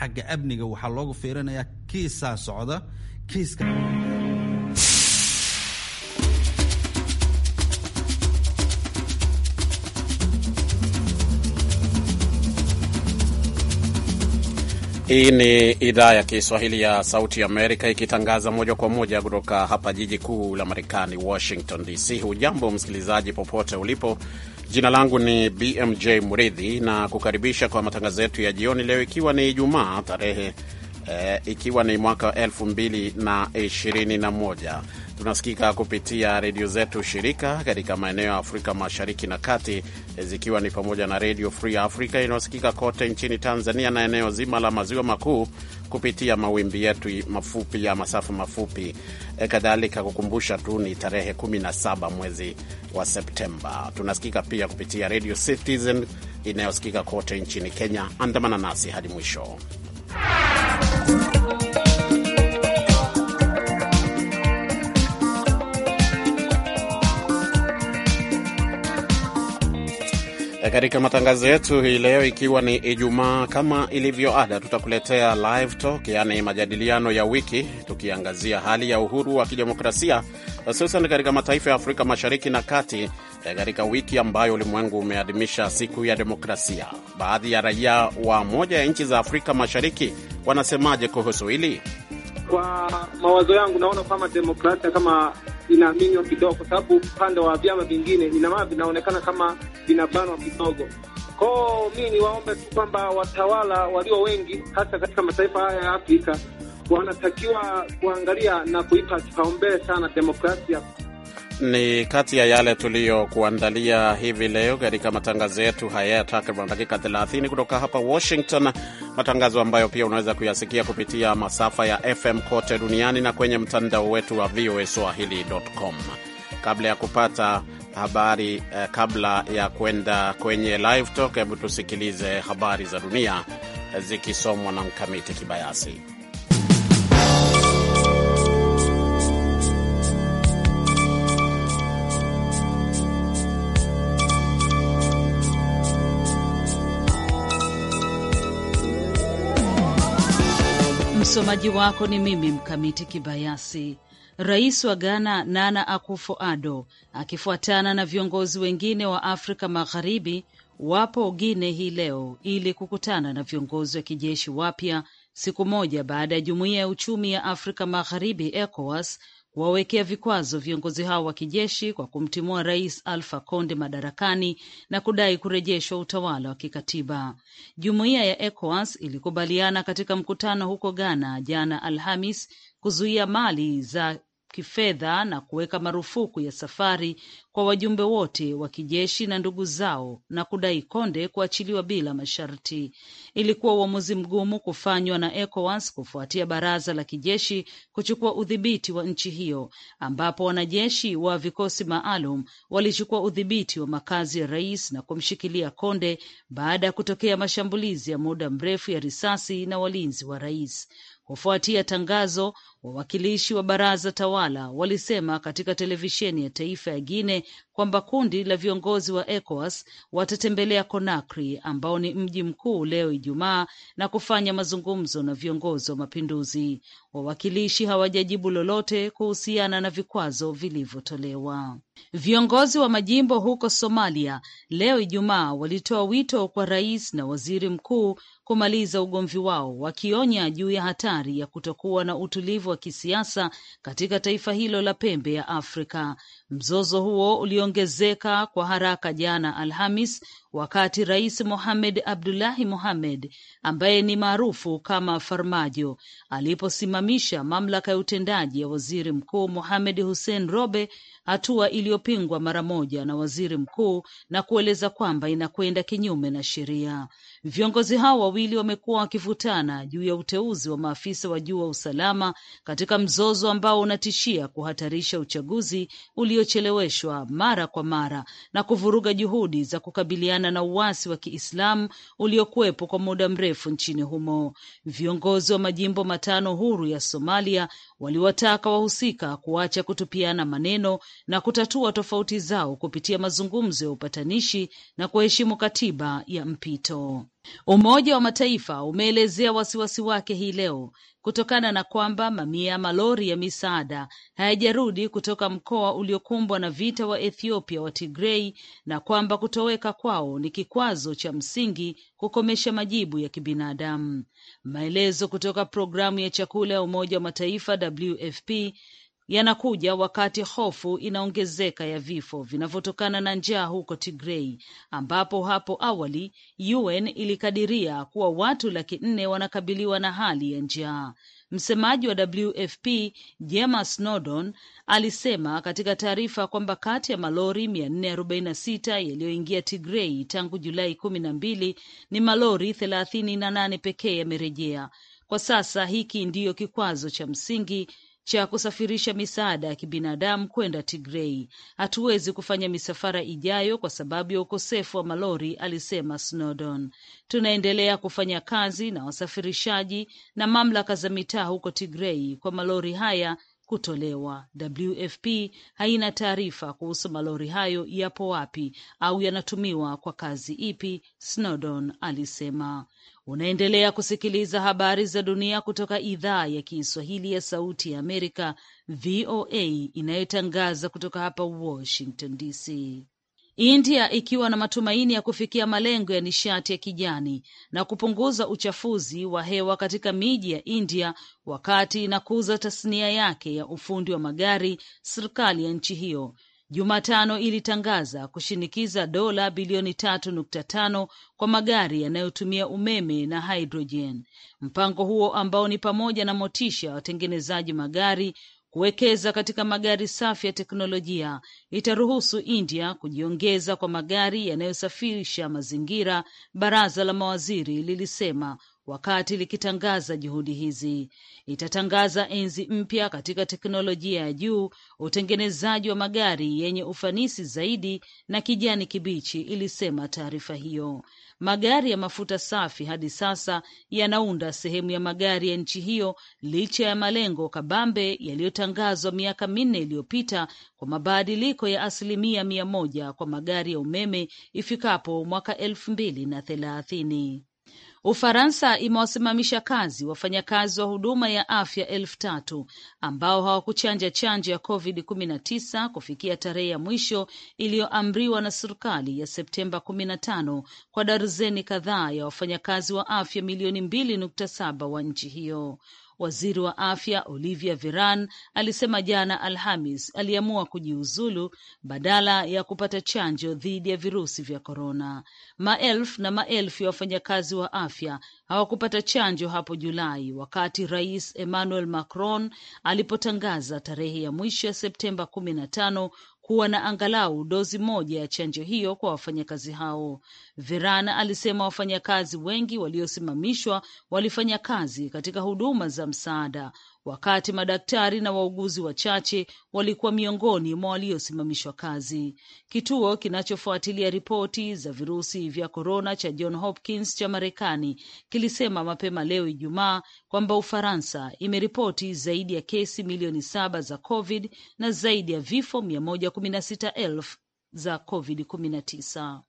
xagga amniga waxaa loogu fiirinayaa kiisaa socda kiiska Hii ni idhaa ya Kiswahili ya Sauti Amerika ikitangaza moja kwa moja kutoka hapa jiji kuu la Marekani, Washington DC. Hujambo msikilizaji, popote ulipo, Jina langu ni BMJ mridhi na kukaribisha kwa matangazo yetu ya jioni leo, ikiwa ni Ijumaa tarehe eh, ikiwa ni mwaka 2021 Tunasikika kupitia redio zetu shirika katika maeneo ya Afrika Mashariki na Kati, zikiwa ni pamoja na Redio Free Africa inayosikika kote nchini Tanzania na eneo zima la Maziwa Makuu kupitia mawimbi yetu mafupi ya masafa mafupi. E, kadhalika kukumbusha tu ni tarehe 17 mwezi wa Septemba. Tunasikika pia kupitia Redio Citizen inayosikika kote nchini Kenya. Andamana nasi hadi mwisho Eh, katika matangazo yetu hii leo, ikiwa ni Ijumaa, kama ilivyo ada, tutakuletea live talk, yaani majadiliano ya wiki, tukiangazia hali ya uhuru wa kidemokrasia hususan katika mataifa ya Afrika Mashariki na Kati eh, katika wiki ambayo ulimwengu umeadhimisha siku ya demokrasia. Baadhi ya raia wa moja ya nchi za Afrika Mashariki wanasemaje kuhusu hili? Kwa mawazo yangu, naona kama demokrasia kama inaaminywa kidogo, kwa sababu upande wa vyama vingine ina maana vinaonekana kama vinabanwa kidogo kwao. Mi niwaombe tu kwamba watawala walio wengi, hasa katika mataifa haya ya Afrika, wanatakiwa kuangalia na kuipa kipaumbele sana demokrasia ni kati ya yale tuliyokuandalia hivi leo katika matangazo yetu haya ya takriban dakika 30 kutoka hapa Washington, matangazo ambayo pia unaweza kuyasikia kupitia masafa ya FM kote duniani na kwenye mtandao wetu wa VOA Swahili.com. Kabla ya kupata habari eh, kabla ya kwenda kwenye live talk, hebu tusikilize habari za dunia eh, zikisomwa na Mkamiti Kibayasi. Msomaji wako ni mimi Mkamiti Kibayasi. Rais wa Ghana Nana akufo ado akifuatana na viongozi wengine wa Afrika Magharibi wapo Gine hii leo ili kukutana na viongozi wa kijeshi wapya siku moja baada ya Jumuiya ya Uchumi ya Afrika Magharibi ECOWAS kuwawekea vikwazo viongozi hao wa kijeshi kwa kumtimua Rais Alfa Conde madarakani na kudai kurejeshwa utawala wa kikatiba. Jumuiya ya ECOWAS ilikubaliana katika mkutano huko Ghana jana Alhamis kuzuia mali za kifedha na kuweka marufuku ya safari kwa wajumbe wote wa kijeshi na ndugu zao na kudai Konde kuachiliwa bila masharti. Ilikuwa uamuzi mgumu kufanywa na ECOWAS kufuatia baraza la kijeshi kuchukua udhibiti wa nchi hiyo, ambapo wanajeshi wa vikosi maalum walichukua udhibiti wa makazi ya rais na kumshikilia Konde baada ya kutokea mashambulizi ya muda mrefu ya risasi na walinzi wa rais. Kufuatia tangazo, Wawakilishi wa baraza tawala walisema katika televisheni ya taifa ya Guine kwamba kundi la viongozi wa ECOWAS watatembelea Conakry ambao ni mji mkuu leo Ijumaa na kufanya mazungumzo na viongozi wa mapinduzi. Wawakilishi hawajajibu lolote kuhusiana na vikwazo vilivyotolewa. Viongozi wa majimbo huko Somalia leo Ijumaa walitoa wito kwa rais na waziri mkuu kumaliza ugomvi wao, wakionya juu ya hatari ya kutokuwa na utulivu wa kisiasa katika taifa hilo la pembe ya Afrika Mzozo huo uliongezeka kwa haraka jana Alhamis wakati Rais Mohamed Abdullahi Mohamed ambaye ni maarufu kama Farmajo aliposimamisha mamlaka ya utendaji ya Waziri Mkuu Mohamed Hussein Robe, hatua iliyopingwa mara moja na waziri mkuu na kueleza kwamba inakwenda kinyume na sheria. Viongozi hao wawili wamekuwa wakivutana juu ya uteuzi wa maafisa wa juu wa usalama katika mzozo ambao unatishia kuhatarisha uchaguzi ulio iliyocheleweshwa mara kwa mara na kuvuruga juhudi za kukabiliana na uasi wa Kiislamu uliokuwepo kwa muda mrefu nchini humo. Viongozi wa majimbo matano huru ya Somalia waliwataka wahusika kuacha kutupiana maneno na kutatua tofauti zao kupitia mazungumzo ya upatanishi na kuheshimu katiba ya mpito. Umoja wa Mataifa umeelezea wasiwasi wake hii leo kutokana na kwamba mamia ya malori ya misaada hayajarudi kutoka mkoa uliokumbwa na vita wa Ethiopia wa Tigrei na kwamba kutoweka kwao ni kikwazo cha msingi kukomesha majibu ya kibinadamu. Maelezo kutoka programu ya chakula ya Umoja wa Mataifa WFP yanakuja wakati hofu inaongezeka ya vifo vinavyotokana na njaa huko Tigrei, ambapo hapo awali UN ilikadiria kuwa watu laki nne wanakabiliwa na hali ya njaa. Msemaji wa WFP Jema Snowdon alisema katika taarifa kwamba kati ya malori 446 yaliyoingia Tigrei tangu Julai kumi na mbili ni malori 38 nane pekee yamerejea. Kwa sasa hiki ndiyo kikwazo cha msingi cha kusafirisha misaada ya kibinadamu kwenda Tigrei. Hatuwezi kufanya misafara ijayo kwa sababu ya ukosefu wa malori, alisema Snowdon. Tunaendelea kufanya kazi na wasafirishaji na mamlaka za mitaa huko Tigrei kwa malori haya kutolewa. WFP haina taarifa kuhusu malori hayo yapo wapi au yanatumiwa kwa kazi ipi, Snowdon alisema. Unaendelea kusikiliza habari za dunia kutoka idhaa ya Kiswahili ya Sauti ya Amerika, VOA, inayotangaza kutoka hapa Washington DC. India ikiwa na matumaini ya kufikia malengo ya nishati ya kijani na kupunguza uchafuzi wa hewa katika miji ya India wakati inakuza tasnia yake ya ufundi wa magari. Serikali ya nchi hiyo Jumatano ilitangaza kushinikiza dola bilioni tatu nukta tano kwa magari yanayotumia umeme na hidrojeni. Mpango huo ambao ni pamoja na motisha ya watengenezaji magari Kuwekeza katika magari safi ya teknolojia itaruhusu India kujiongeza kwa magari yanayosafirisha mazingira, baraza la mawaziri lilisema, wakati likitangaza juhudi hizi. Itatangaza enzi mpya katika teknolojia ya juu, utengenezaji wa magari yenye ufanisi zaidi na kijani kibichi, ilisema taarifa hiyo. Magari ya mafuta safi hadi sasa yanaunda sehemu ya magari ya nchi hiyo, licha ya malengo kabambe yaliyotangazwa miaka minne iliyopita kwa mabadiliko ya asilimia mia moja kwa magari ya umeme ifikapo mwaka elfu mbili na thelathini. Ufaransa imewasimamisha kazi wafanyakazi wa huduma ya afya elfu tatu ambao hawakuchanja chanjo ya covid 19 kufikia tarehe ya mwisho iliyoamriwa na serikali ya Septemba 15 kwa darzeni kadhaa ya wafanyakazi wa afya milioni 2.7 wa nchi hiyo. Waziri wa afya Olivia viran alisema jana Alhamis aliamua kujiuzulu badala ya kupata chanjo dhidi ya virusi vya korona. Maelfu na maelfu ya wafanyakazi wa afya hawakupata chanjo hapo Julai, wakati Rais Emmanuel Macron alipotangaza tarehe ya mwisho ya Septemba kumi na tano kuwa na angalau dozi moja ya chanjo hiyo kwa wafanyakazi hao. verana alisema wafanyakazi wengi waliosimamishwa walifanya kazi katika huduma za msaada wakati madaktari na wauguzi wachache walikuwa miongoni mwa waliosimamishwa kazi. Kituo kinachofuatilia ripoti za virusi vya korona cha John Hopkins cha Marekani kilisema mapema leo Ijumaa kwamba Ufaransa imeripoti zaidi ya kesi milioni saba za COVID na zaidi ya vifo mia moja kumi na sita elfu za COVID-19.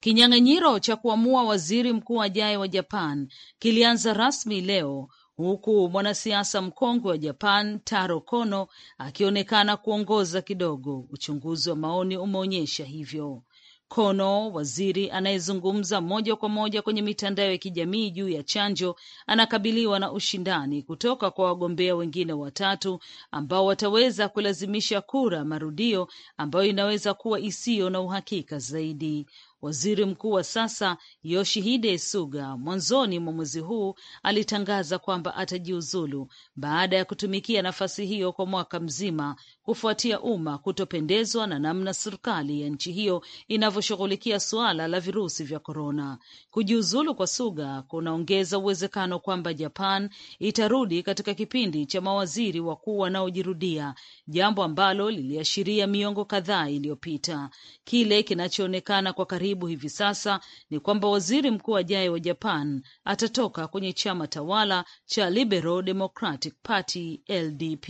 Kinyang'anyiro cha kuamua waziri mkuu ajaye wa Japan kilianza rasmi leo huku mwanasiasa mkongwe wa Japan Taro Kono akionekana kuongoza kidogo. Uchunguzi wa maoni umeonyesha hivyo. Kono, waziri anayezungumza moja kwa moja kwenye mitandao ya kijamii juu ya chanjo, anakabiliwa na ushindani kutoka kwa wagombea wengine watatu ambao wataweza kulazimisha kura marudio ambayo inaweza kuwa isiyo na uhakika zaidi. Waziri mkuu wa sasa Yoshihide Suga mwanzoni mwa mwezi huu alitangaza kwamba atajiuzulu baada ya kutumikia nafasi hiyo kwa mwaka mzima kufuatia umma kutopendezwa na namna serikali ya nchi hiyo inavyoshughulikia suala la virusi vya korona. Kujiuzulu kwa Suga kunaongeza uwezekano kwamba Japan itarudi katika kipindi cha mawaziri wakuu wanaojirudia, jambo ambalo liliashiria miongo kadhaa iliyopita. Kile kinachoonekana kwa karibu hivi sasa ni kwamba waziri mkuu ajaye wa Japan atatoka kwenye chama tawala cha Liberal Democratic Party LDP.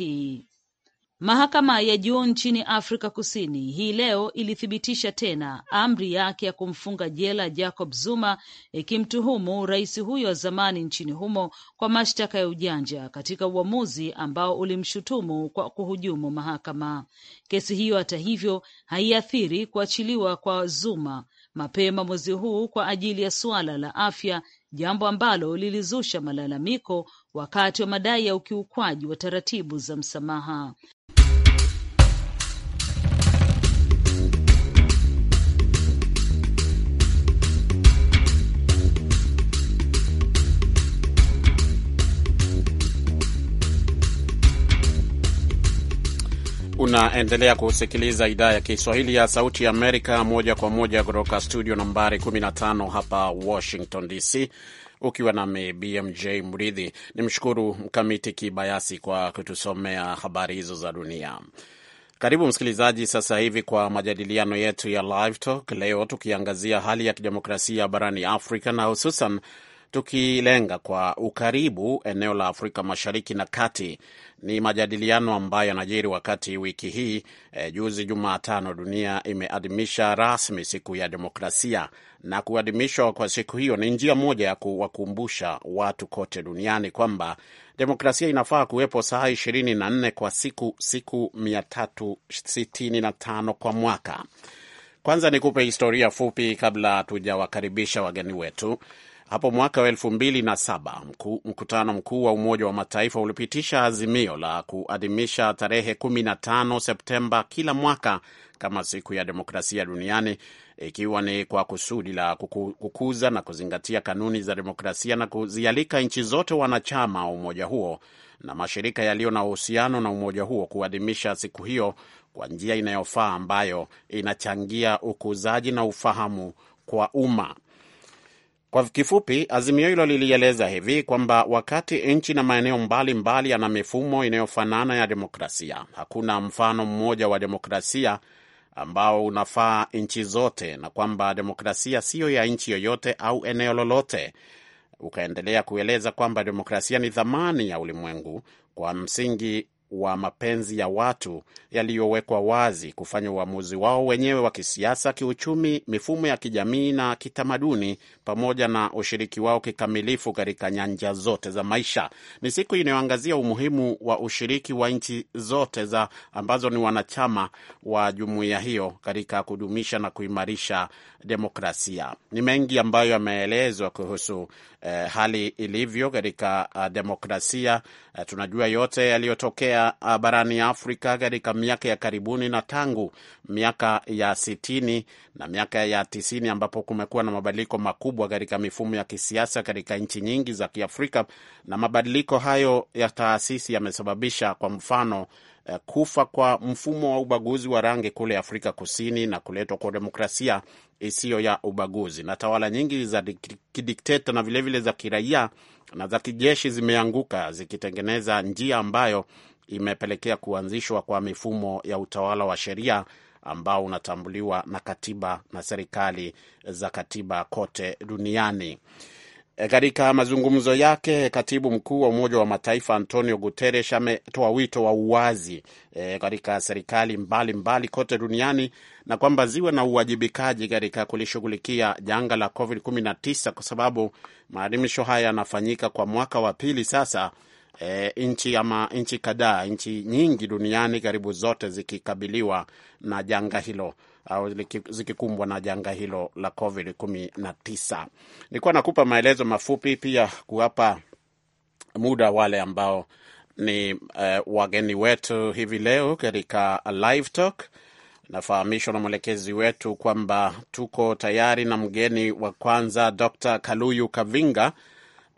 Mahakama ya juu nchini Afrika Kusini hii leo ilithibitisha tena amri yake ya kumfunga jela Jacob Zuma ikimtuhumu rais huyo wa zamani nchini humo kwa mashtaka ya ujanja katika uamuzi ambao ulimshutumu kwa kuhujumu mahakama. Kesi hiyo hata hivyo haiathiri kuachiliwa kwa Zuma mapema mwezi huu kwa ajili ya suala la afya, jambo ambalo lilizusha malalamiko wakati wa madai ya ukiukwaji wa taratibu za msamaha. Unaendelea kusikiliza idhaa ya Kiswahili ya Sauti ya Amerika moja kwa moja kutoka studio nambari 15 hapa Washington DC, ukiwa nami BMJ Mridhi. Nimshukuru Mkamiti Kibayasi kwa kutusomea habari hizo za dunia. Karibu msikilizaji, sasa hivi kwa majadiliano yetu ya Live Talk leo, tukiangazia hali ya kidemokrasia barani Afrika na hususan tukilenga kwa ukaribu eneo la Afrika Mashariki na Kati. Ni majadiliano ambayo yanajiri wakati wiki hii e, juzi Jumatano dunia imeadhimisha rasmi siku ya demokrasia, na kuadhimishwa kwa siku hiyo ni njia moja ya kuwakumbusha watu kote duniani kwamba demokrasia inafaa kuwepo saa ishirini na nne kwa siku, siku mia tatu sitini na tano kwa mwaka. Kwanza nikupe historia fupi kabla tujawakaribisha wageni wetu. Hapo mwaka wa elfu mbili na saba mkutano mkuu wa Umoja wa Mataifa ulipitisha azimio la kuadhimisha tarehe 15 Septemba kila mwaka kama siku ya demokrasia duniani, ikiwa ni kwa kusudi la kukuza na kuzingatia kanuni za demokrasia na kuzialika nchi zote wanachama wa umoja huo na mashirika yaliyo na uhusiano na umoja huo kuadhimisha siku hiyo kwa njia inayofaa ambayo inachangia ukuzaji na ufahamu kwa umma. Kwa kifupi, azimio hilo lilieleza hivi kwamba wakati nchi na maeneo mbalimbali yana mifumo inayofanana ya demokrasia, hakuna mfano mmoja wa demokrasia ambao unafaa nchi zote, na kwamba demokrasia siyo ya nchi yoyote au eneo lolote. Ukaendelea kueleza kwamba demokrasia ni thamani ya ulimwengu kwa msingi wa mapenzi ya watu yaliyowekwa wazi kufanya uamuzi wao wenyewe wa kisiasa, kiuchumi, mifumo ya kijamii na kitamaduni, pamoja na ushiriki wao kikamilifu katika nyanja zote za maisha. Ni siku inayoangazia umuhimu wa ushiriki wa nchi zote za ambazo ni wanachama wa jumuiya hiyo katika kudumisha na kuimarisha demokrasia. Ni mengi ambayo yameelezwa kuhusu eh, hali ilivyo katika uh, demokrasia eh, tunajua yote yaliyotokea uh, barani Afrika katika miaka ya karibuni na tangu miaka ya sitini na miaka ya tisini ambapo kumekuwa na mabadiliko makubwa katika mifumo ya kisiasa katika nchi nyingi za Kiafrika, na mabadiliko hayo ya taasisi yamesababisha kwa mfano Eh, kufa kwa mfumo wa ubaguzi wa rangi kule Afrika Kusini na kuletwa kwa demokrasia isiyo ya ubaguzi. Na tawala nyingi za kidikteta na vilevile vile za kiraia na za kijeshi zimeanguka zikitengeneza njia ambayo imepelekea kuanzishwa kwa mifumo ya utawala wa sheria ambao unatambuliwa na katiba na serikali za katiba kote duniani. E, katika mazungumzo yake, katibu mkuu wa Umoja wa Mataifa Antonio Guterres ametoa wito wa uwazi e, katika serikali mbalimbali mbali kote duniani na kwamba ziwe na uwajibikaji katika kulishughulikia janga la COVID-19 kwa sababu maadhimisho haya yanafanyika kwa mwaka wa pili sasa, e, nchi ama nchi kadhaa, nchi nyingi duniani karibu zote zikikabiliwa na janga hilo au zikikumbwa na janga hilo la COVID 19. Nilikuwa nakupa maelezo mafupi pia kuwapa muda wale ambao ni uh, wageni wetu hivi leo katika live talk. Nafahamishwa na mwelekezi wetu kwamba tuko tayari na mgeni wa kwanza Dr. Kaluyu Kavinga.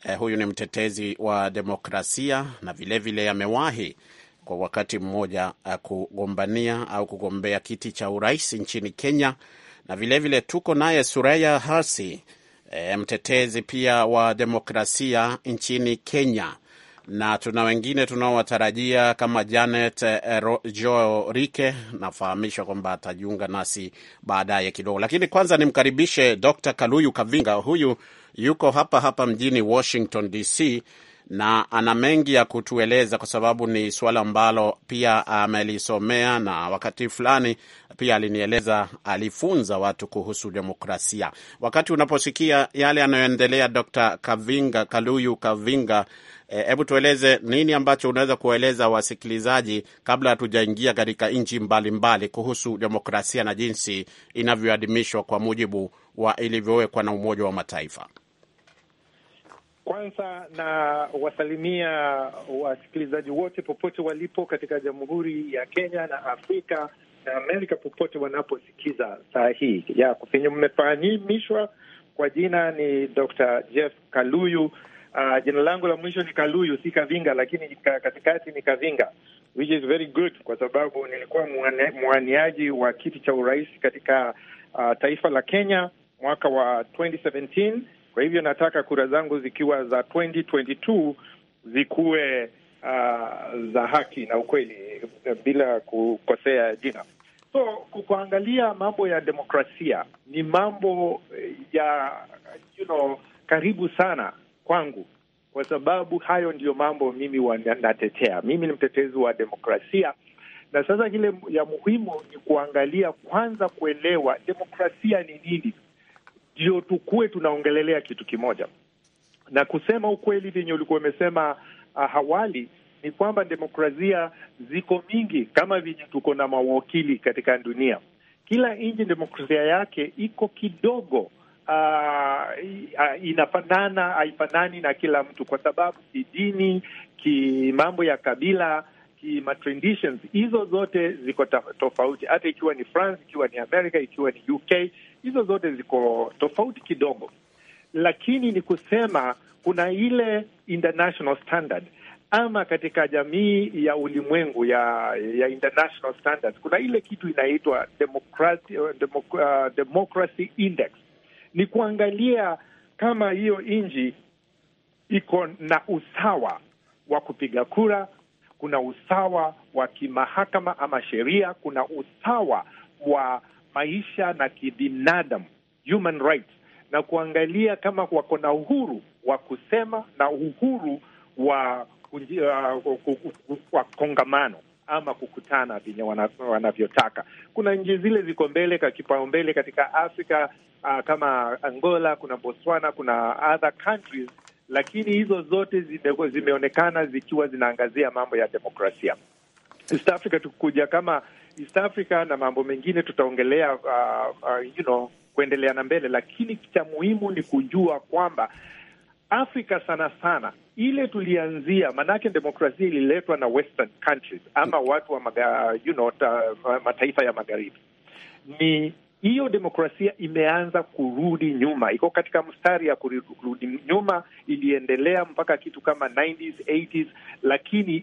Eh, huyu ni mtetezi wa demokrasia na vilevile amewahi vile kwa wakati mmoja uh, kugombania au kugombea kiti cha urais nchini Kenya, na vilevile vile tuko naye Suraya Hasi, e, eh, mtetezi pia wa demokrasia nchini Kenya, na tuna wengine tunaowatarajia kama Janet eh, Jo Rike. Nafahamishwa kwamba atajiunga nasi baadaye kidogo, lakini kwanza nimkaribishe Dr Kaluyu Kavinga. Huyu yuko hapa hapa mjini Washington DC na ana mengi ya kutueleza kwa sababu ni suala ambalo pia amelisomea, na wakati fulani pia alinieleza, alifunza watu kuhusu demokrasia. Wakati unaposikia yale yanayoendelea, Dr. Kavinga Kaluyu Kavinga, eh, hebu e, tueleze nini ambacho unaweza kuwaeleza wasikilizaji kabla hatujaingia katika nchi mbalimbali kuhusu demokrasia na jinsi inavyoadhimishwa kwa mujibu wa ilivyowekwa na Umoja wa Mataifa. Kwanza na wasalimia wasikilizaji wote popote walipo katika Jamhuri ya Kenya na Afrika na Amerika popote wanaposikiza saa hii ya kufinyu. Mmefahamishwa kwa jina ni Dr. Jeff Kaluyu. Uh, jina langu la mwisho ni Kaluyu, si Kavinga, lakini katikati ni Kavinga, which is very good kwa sababu nilikuwa mwaniaji wa kiti cha urais katika uh, taifa la Kenya mwaka wa 2017 kwa hivyo nataka kura zangu zikiwa za 2022 zikuwe uh, za haki na ukweli eh, bila kukosea jina. So kuangalia mambo ya demokrasia ni mambo eh, ya you know, karibu sana kwangu kwa sababu hayo ndiyo mambo mimi wanatetea. Mimi ni mtetezi wa demokrasia, na sasa kile ya muhimu ni kuangalia kwanza, kuelewa demokrasia ni nini ndio tukuwe tunaongelelea kitu kimoja. Na kusema ukweli, vyenye ulikuwa umesema ah, hawali ni kwamba demokrasia ziko mingi, kama vyenye tuko na mawakili katika dunia. Kila nchi demokrasia yake iko kidogo Uh, inafanana haifanani na kila mtu kwa sababu kidini, kimambo ya kabila, ki traditions hizo zote ziko tofauti, hata ikiwa ni France, ikiwa ni America, ikiwa ni UK, hizo zote ziko tofauti kidogo, lakini ni kusema kuna ile international standard ama katika jamii ya ulimwengu ya ya international standards kuna ile kitu inaitwa democracy, uh, democ, uh, democracy index. Ni kuangalia kama hiyo nchi iko na usawa wa kupiga kura, kuna usawa wa kimahakama ama sheria, kuna usawa wa maisha na kibinadamu, human rights, na kuangalia kama wako na uhuru wa kusema na uhuru wa uh, wa kongamano ama kukutana venye wanavyotaka. Kuna nchi zile ziko mbele ka kipaumbele katika Afrika uh, kama Angola, kuna Botswana, kuna other countries, lakini hizo zote zime, zimeonekana zikiwa zinaangazia mambo ya demokrasia. East Africa tukuja kama East Africa na mambo mengine tutaongelea, uh, uh, you know, na mbele, lakini cha muhimu ni kujua kwamba Afrika sana sana ile tulianzia, maanake demokrasia ililetwa na western countries ama watu wa maga, you know, ta, mataifa ya magharibi ni hiyo demokrasia imeanza kurudi nyuma, iko katika mstari ya kurudi nyuma. Iliendelea mpaka kitu kama 90s, 80s, lakini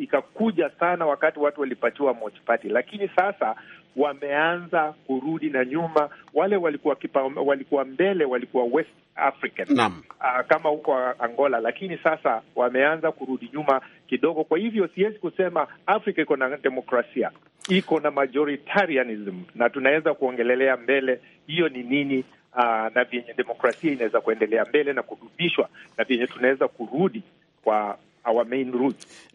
ikakuja ika sana wakati watu walipatiwa mochpati, lakini sasa wameanza kurudi na nyuma. Wale walikuwa kipa, walikuwa mbele, walikuwa West African naam, ah, kama huko Angola, lakini sasa wameanza kurudi nyuma kidogo. Kwa hivyo siwezi kusema Afrika iko na demokrasia, iko na majoritarianism na tunaweza kuongelelea mbele hiyo ni nini, Uh, na vyenye demokrasia inaweza kuendelea mbele na kurudishwa na vyenye tunaweza kurudi kwa our main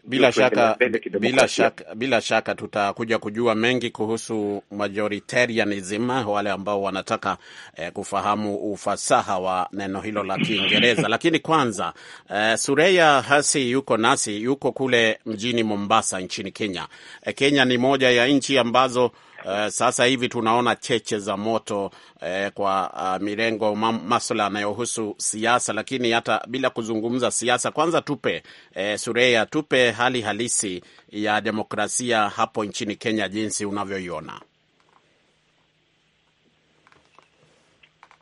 Bila shaka, bila shaka, bila shaka tutakuja kujua mengi kuhusu majoritarianism, wale ambao wanataka eh, kufahamu ufasaha wa neno hilo la Kiingereza. Lakini kwanza eh, Sureya Hasi yuko nasi, yuko kule mjini Mombasa nchini Kenya. Eh, Kenya ni moja ya nchi ambazo Uh, sasa hivi tunaona cheche za moto eh, kwa uh, mirengo maswala yanayohusu siasa, lakini hata bila kuzungumza siasa, kwanza tupe eh, Sureya, tupe hali halisi ya demokrasia hapo nchini Kenya jinsi unavyoiona.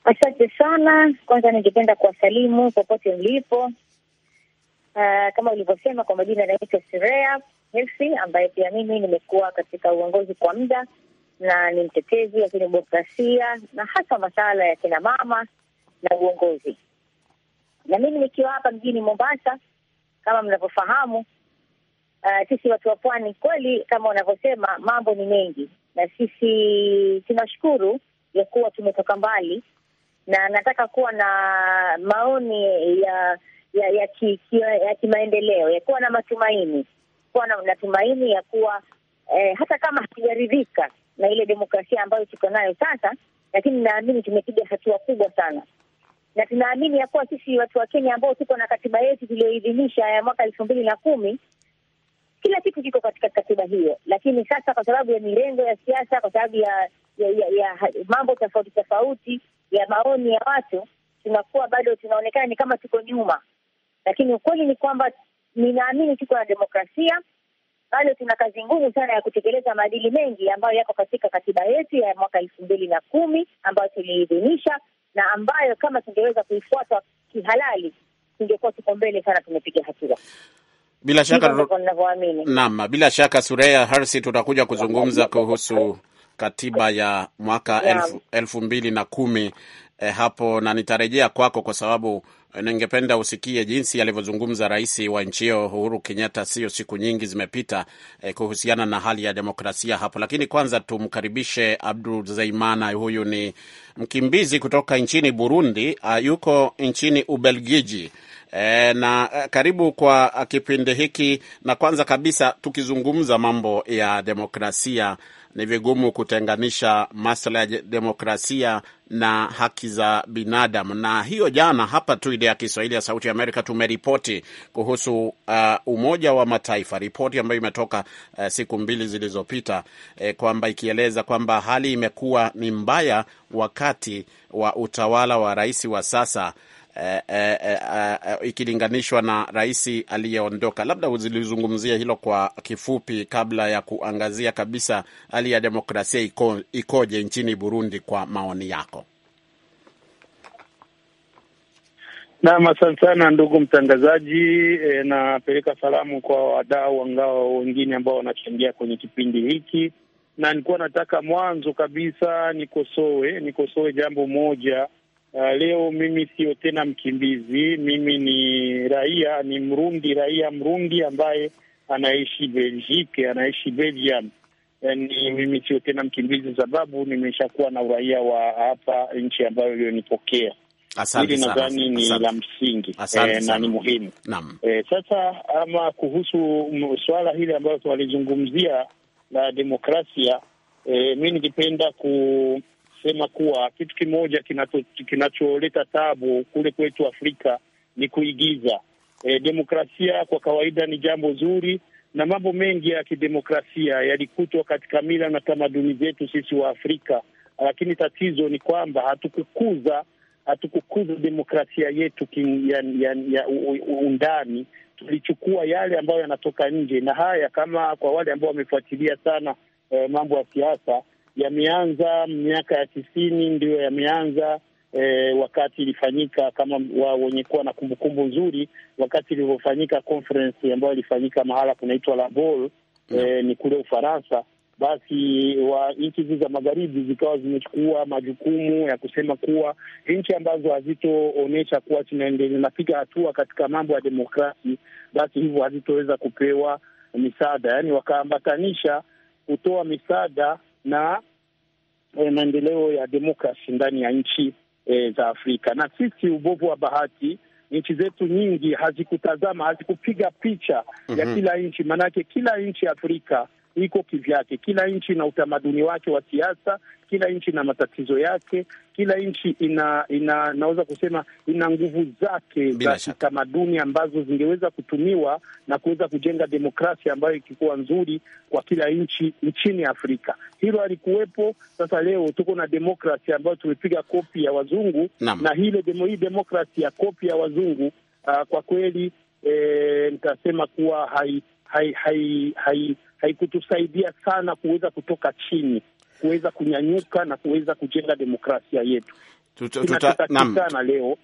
Asante sana. Kwanza ningependa kuwasalimu popote mlipo. Uh, eh, kama ulivyosema kwa majina, anaitwa Sirea Hesi, ambaye pia mimi nimekuwa katika uongozi kwa muda na ni mtetezi wa kidemokrasia na hasa masala ya kina mama na uongozi. Na mimi nikiwa hapa mjini Mombasa, kama mnavyofahamu, eh, sisi watu wa pwani kweli, kama unavyosema, mambo ni mengi, na sisi tunashukuru ya kuwa tumetoka mbali, na nataka kuwa na maoni ya ya ya ya kimaendeleo ya kuwa na matumaini, kuwa na matumaini ya kuwa eh, hata kama hatujaridhika na ile demokrasia ambayo tuko nayo sasa, lakini naamini tumepiga hatua kubwa sana, na tunaamini ya kuwa sisi watu wa Kenya ambao tuko na katiba yetu tuliyoidhinisha ya mwaka elfu mbili na kumi kila kitu kiko katika katiba hiyo, lakini sasa kwa sababu ya mirengo ya siasa, kwa sababu ya, ya, ya, ya mambo tofauti tofauti ya maoni ya watu, tunakuwa bado tunaonekana ni kama tuko nyuma, lakini ukweli ni kwamba ninaamini tuko na demokrasia bado yaani, tuna kazi ngumu sana ya kutekeleza maadili mengi ambayo yako katika katiba yetu ya mwaka elfu mbili na kumi ambayo tuliidhinisha na ambayo kama tungeweza kuifuatwa kihalali tungekuwa tuko mbele sana, tumepiga hatua. Bila shaka naam, bila shaka Sureya Harsi, tutakuja kuzungumza kuhusu katiba ya mwaka elfu, elfu mbili na kumi eh, hapo na nitarejea kwako kwa sababu ningependa usikie jinsi alivyozungumza rais wa nchi hiyo Uhuru Kenyatta, sio siku nyingi zimepita, eh, kuhusiana na hali ya demokrasia hapo. Lakini kwanza tumkaribishe Abdul Zeimana. Huyu ni mkimbizi kutoka nchini Burundi, uh, yuko nchini Ubelgiji. Eh, na eh, karibu kwa kipindi hiki, na kwanza kabisa tukizungumza mambo ya demokrasia ni vigumu kutenganisha masuala ya demokrasia na haki za binadamu. Na hiyo jana hapa tu idhaa ya Kiswahili ya Sauti ya Amerika tumeripoti kuhusu uh, Umoja wa Mataifa, ripoti ambayo imetoka uh, siku mbili zilizopita eh, kwamba ikieleza kwamba hali imekuwa ni mbaya wakati wa utawala wa rais wa sasa Eh eh, eh, eh, eh, ikilinganishwa na rais aliyeondoka. Labda uzilizungumzia hilo kwa kifupi, kabla ya kuangazia kabisa hali ya demokrasia iko, ikoje nchini Burundi kwa maoni yako? Naam, asante sana ndugu mtangazaji. E, napeleka salamu kwa wadau wangao wengine ambao wanachangia kwenye kipindi hiki, na nilikuwa nataka mwanzo kabisa nikosoe nikosoe jambo moja Uh, leo mimi sio tena mkimbizi, mimi ni raia, ni Mrundi, raia Mrundi ambaye anaishi Belgique, anaishi Belgium. Yani uh, mimi sio tena mkimbizi, sababu nimeshakuwa na uraia wa hapa nchi ambayo iliyonipokea. Hili nadhani ni la msingi e, na ni muhimu e. Sasa ama kuhusu suala hili ambayo tunalizungumzia la demokrasia e, mi nikipenda ku kusema kuwa kitu kimoja kinacholeta tabu kule kwetu Afrika ni kuigiza. E, demokrasia kwa kawaida ni jambo zuri na mambo mengi ya kidemokrasia yalikutwa katika mila na tamaduni zetu sisi wa Afrika, lakini tatizo ni kwamba hatukukuza hatukukuza demokrasia yetu kin, ya, ya, ya undani. Tulichukua yale ambayo yanatoka nje, na haya kama kwa wale ambao wamefuatilia sana eh, mambo ya siasa yameanza miaka ya tisini, ndiyo yameanza E, wakati ilifanyika kama wa wenye kuwa na kumbukumbu nzuri, wakati ilivyofanyika conference ambayo ilifanyika mahala kunaitwa La Baule yeah. E, ni kule Ufaransa. Basi wa nchi hizi za magharibi zikawa zimechukua majukumu ya kusema kuwa nchi ambazo hazitoonyesha kuwa zinapiga hatua katika mambo ya demokrasi, basi hivyo hazitoweza kupewa misaada, yaani wakaambatanisha kutoa misaada na e, maendeleo ya demokrasi ndani ya nchi e, za Afrika. Na sisi ubovu wa bahati nchi zetu nyingi hazikutazama hazikupiga picha mm -hmm. ya mhm. kila nchi, maanake kila nchi ya Afrika iko kivyake. Kila nchi na utamaduni wake wa siasa, kila nchi na matatizo yake, kila nchi ina, ina naweza kusema ina nguvu zake za kitamaduni ambazo zingeweza kutumiwa na kuweza kujenga demokrasia ambayo ikikuwa nzuri kwa kila nchi nchini Afrika. Hilo halikuwepo. Sasa leo tuko na demokrasi ambayo tumepiga kopi ya wazungu Nam. na hile demo, hii demokrasi ya kopi ya wazungu uh, kwa kweli eh, nitasema eh, kuwa hai hai hai hai haikutusaidia sana kuweza kutoka chini, kuweza kunyanyuka na kuweza kujenga demokrasia yetu. Sana leo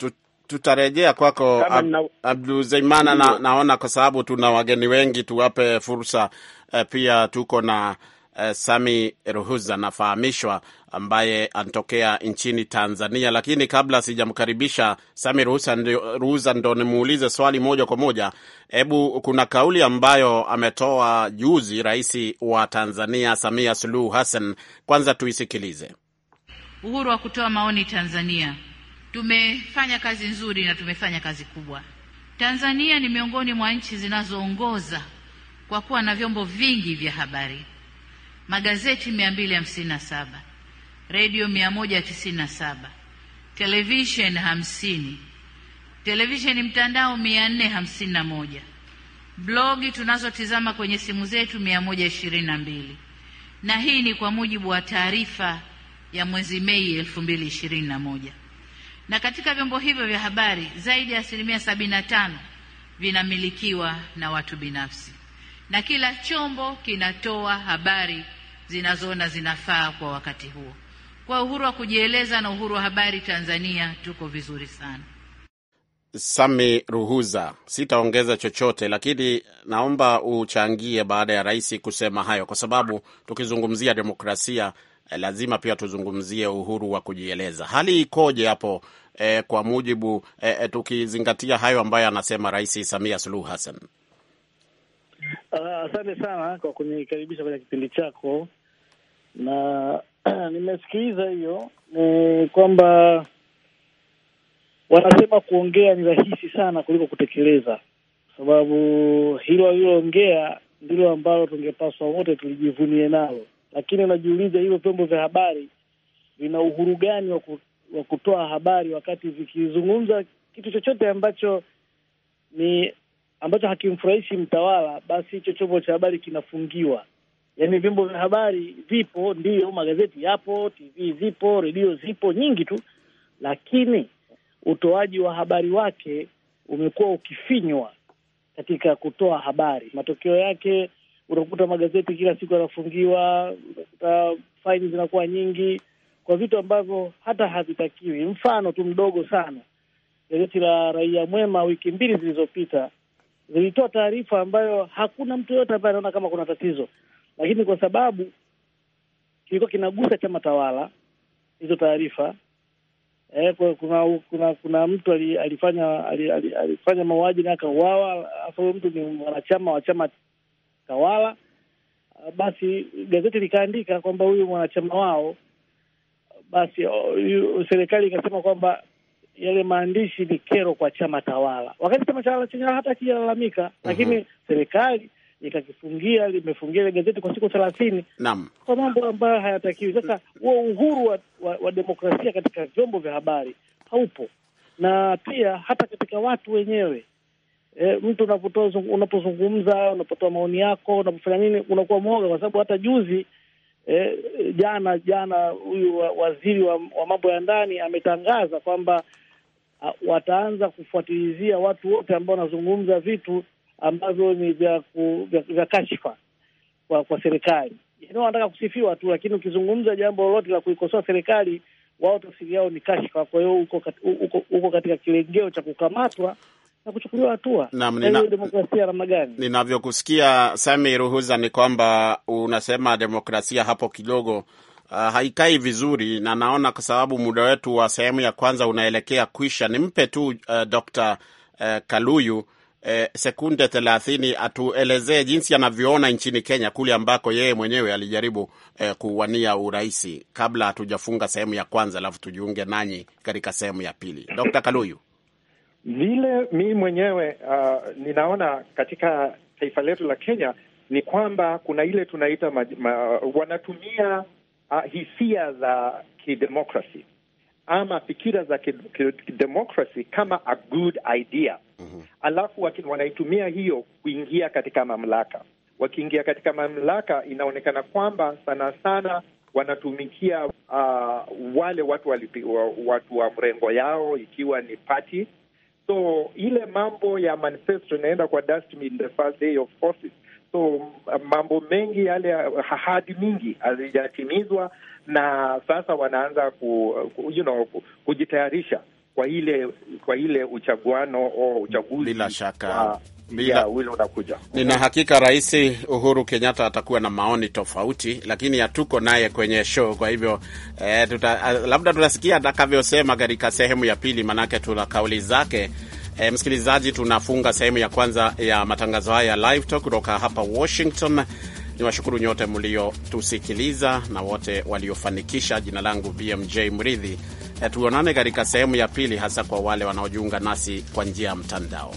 tutarejea kwako ab, Abduzeimana na, naona kwa sababu tuna wageni wengi tuwape fursa eh, pia tuko na uh, Sami Ruhuza nafahamishwa, ambaye anatokea nchini Tanzania. Lakini kabla sijamkaribisha Sami Ruhuza, ndo nimuulize swali moja kwa moja. Hebu, kuna kauli ambayo ametoa juzi Rais wa Tanzania Samia Suluhu Hassan, kwanza tuisikilize. Uhuru wa kutoa maoni Tanzania. Tumefanya kazi nzuri na tumefanya kazi kubwa. Tanzania ni miongoni mwa nchi zinazoongoza kwa kuwa na vyombo vingi vya habari magazeti 257, redio 197, televishen 50, televishen mtandao 451, blogi tunazotizama kwenye simu zetu 122, na hii ni kwa mujibu wa taarifa ya mwezi Mei 2021. Na katika vyombo hivyo vya habari zaidi ya asilimia 75 vinamilikiwa na watu binafsi, na kila chombo kinatoa habari zinazoona zinafaa kwa wakati huo. Kwa uhuru wa kujieleza na uhuru wa habari, Tanzania tuko vizuri sana. Sami Ruhuza, sitaongeza chochote, lakini naomba uchangie baada ya rais kusema hayo, kwa sababu tukizungumzia demokrasia eh, lazima pia tuzungumzie uhuru wa kujieleza. Hali ikoje hapo eh, kwa mujibu eh, eh tukizingatia hayo ambayo anasema Rais Samia Suluhu Hassan? Ah, asante uh, sana kwa kunikaribisha kwenye kipindi chako na nimesikiliza hiyo, ni kwamba wanasema kuongea ni rahisi sana kuliko kutekeleza, kwa sababu hilo waliloongea ndilo ambalo tungepaswa wote tulijivunie nalo, lakini unajiuliza hivyo vyombo vya habari vina uhuru gani wa wa kutoa habari wakati vikizungumza kitu chochote ambacho ni ambacho hakimfurahishi mtawala, basi hicho chombo cha habari kinafungiwa yani vyombo vya habari vipo, ndiyo, magazeti yapo, TV zipo, redio zipo nyingi tu, lakini utoaji wa habari wake umekuwa ukifinywa katika kutoa habari. Matokeo yake unakuta magazeti kila siku yanafungiwa, unakuta faini zinakuwa nyingi kwa vitu ambavyo hata havitakiwi. Mfano tu mdogo sana, gazeti la Raia Mwema wiki mbili zilizopita zilitoa taarifa ambayo hakuna mtu yoyote ambaye anaona kama kuna tatizo, lakini kwa sababu kilikuwa kinagusa chama tawala hizo taarifa eh, kuna, kuna kuna mtu alifanya alifanya mauaji na akauawa, hasa huyo mtu ni mwanachama wa chama tawala. Basi gazeti likaandika kwamba huyu mwanachama wao, basi oh, serikali ikasema kwamba yale maandishi ni kero kwa chama tawala, wakati chama tawala chenyewe hata kijalalamika, lakini mm -hmm. serikali ikakifungia limefungia ile gazeti kwa siku thelathini kwa mambo ambayo hayatakiwi. Sasa huo uhuru wa, wa, wa demokrasia katika vyombo vya habari haupo, na pia hata katika watu wenyewe E, mtu unapozungumza unapotoa maoni yako unapofanya nini, unakuwa mwoga, kwa sababu hata juzi e, jana jana huyu waziri wa, wa mambo ya ndani ametangaza kwamba wataanza kufuatilizia watu wote ambao wanazungumza vitu ambavyo ni vya vya kashfa kwa, kwa serikali. yani, wanataka kusifiwa tu, lakini ukizungumza jambo lolote la kuikosoa serikali, wao tafsiri yao ni kashfa. Kwa hiyo uko, kat, uko, uko katika kilengeo cha kukamatwa na kuchukuliwa hatua. Naam, nina, demokrasia namna gani? Ninavyokusikia Sami Ruhuza ni kwamba unasema demokrasia hapo kidogo Uh, haikai vizuri na naona kwa sababu muda wetu wa sehemu ya kwanza unaelekea kwisha, nimpe tu uh, Dr. uh, Kaluyu eh, sekunde thelathini atuelezee jinsi anavyoona nchini Kenya kule ambako yeye mwenyewe alijaribu eh, kuwania uraisi kabla hatujafunga sehemu ya kwanza, alafu tujiunge nanyi katika sehemu ya pili. d Kaluyu, vile mi mwenyewe uh, ninaona katika taifa letu la Kenya ni kwamba kuna ile tunaita ma, ma, wanatumia uh, hisia za kidemokrasi ama fikira za kidemokrasi kama a good idea mm-hmm. Alafu wanaitumia hiyo kuingia katika mamlaka. Wakiingia katika mamlaka, inaonekana kwamba sana sana wanatumikia uh, wale watu walipi, watu wa mrengo yao ikiwa ni party. So ile mambo ya manifesto inaenda kwa the first day of office. So mambo mengi yale, ahadi mingi hazijatimizwa na sasa wanaanza ku, ku, you know, kujitayarisha kwa ile kwa ile uchaguano o uchaguzi. Bila shaka bila ule nina hakika Rais Uhuru Kenyatta atakuwa na maoni tofauti, lakini hatuko naye kwenye show. Kwa hivyo eh, tuta, ah, labda tutasikia atakavyosema katika sehemu ya pili, maanake tuna kauli zake. E, msikilizaji, tunafunga sehemu ya kwanza ya matangazo haya ya Live Talk kutoka hapa Washington. Niwashukuru nyote mliotusikiliza na wote waliofanikisha. Jina langu BMJ Mridhi. E, tuonane katika sehemu ya pili, hasa kwa wale wanaojiunga nasi kwa njia ya mtandao.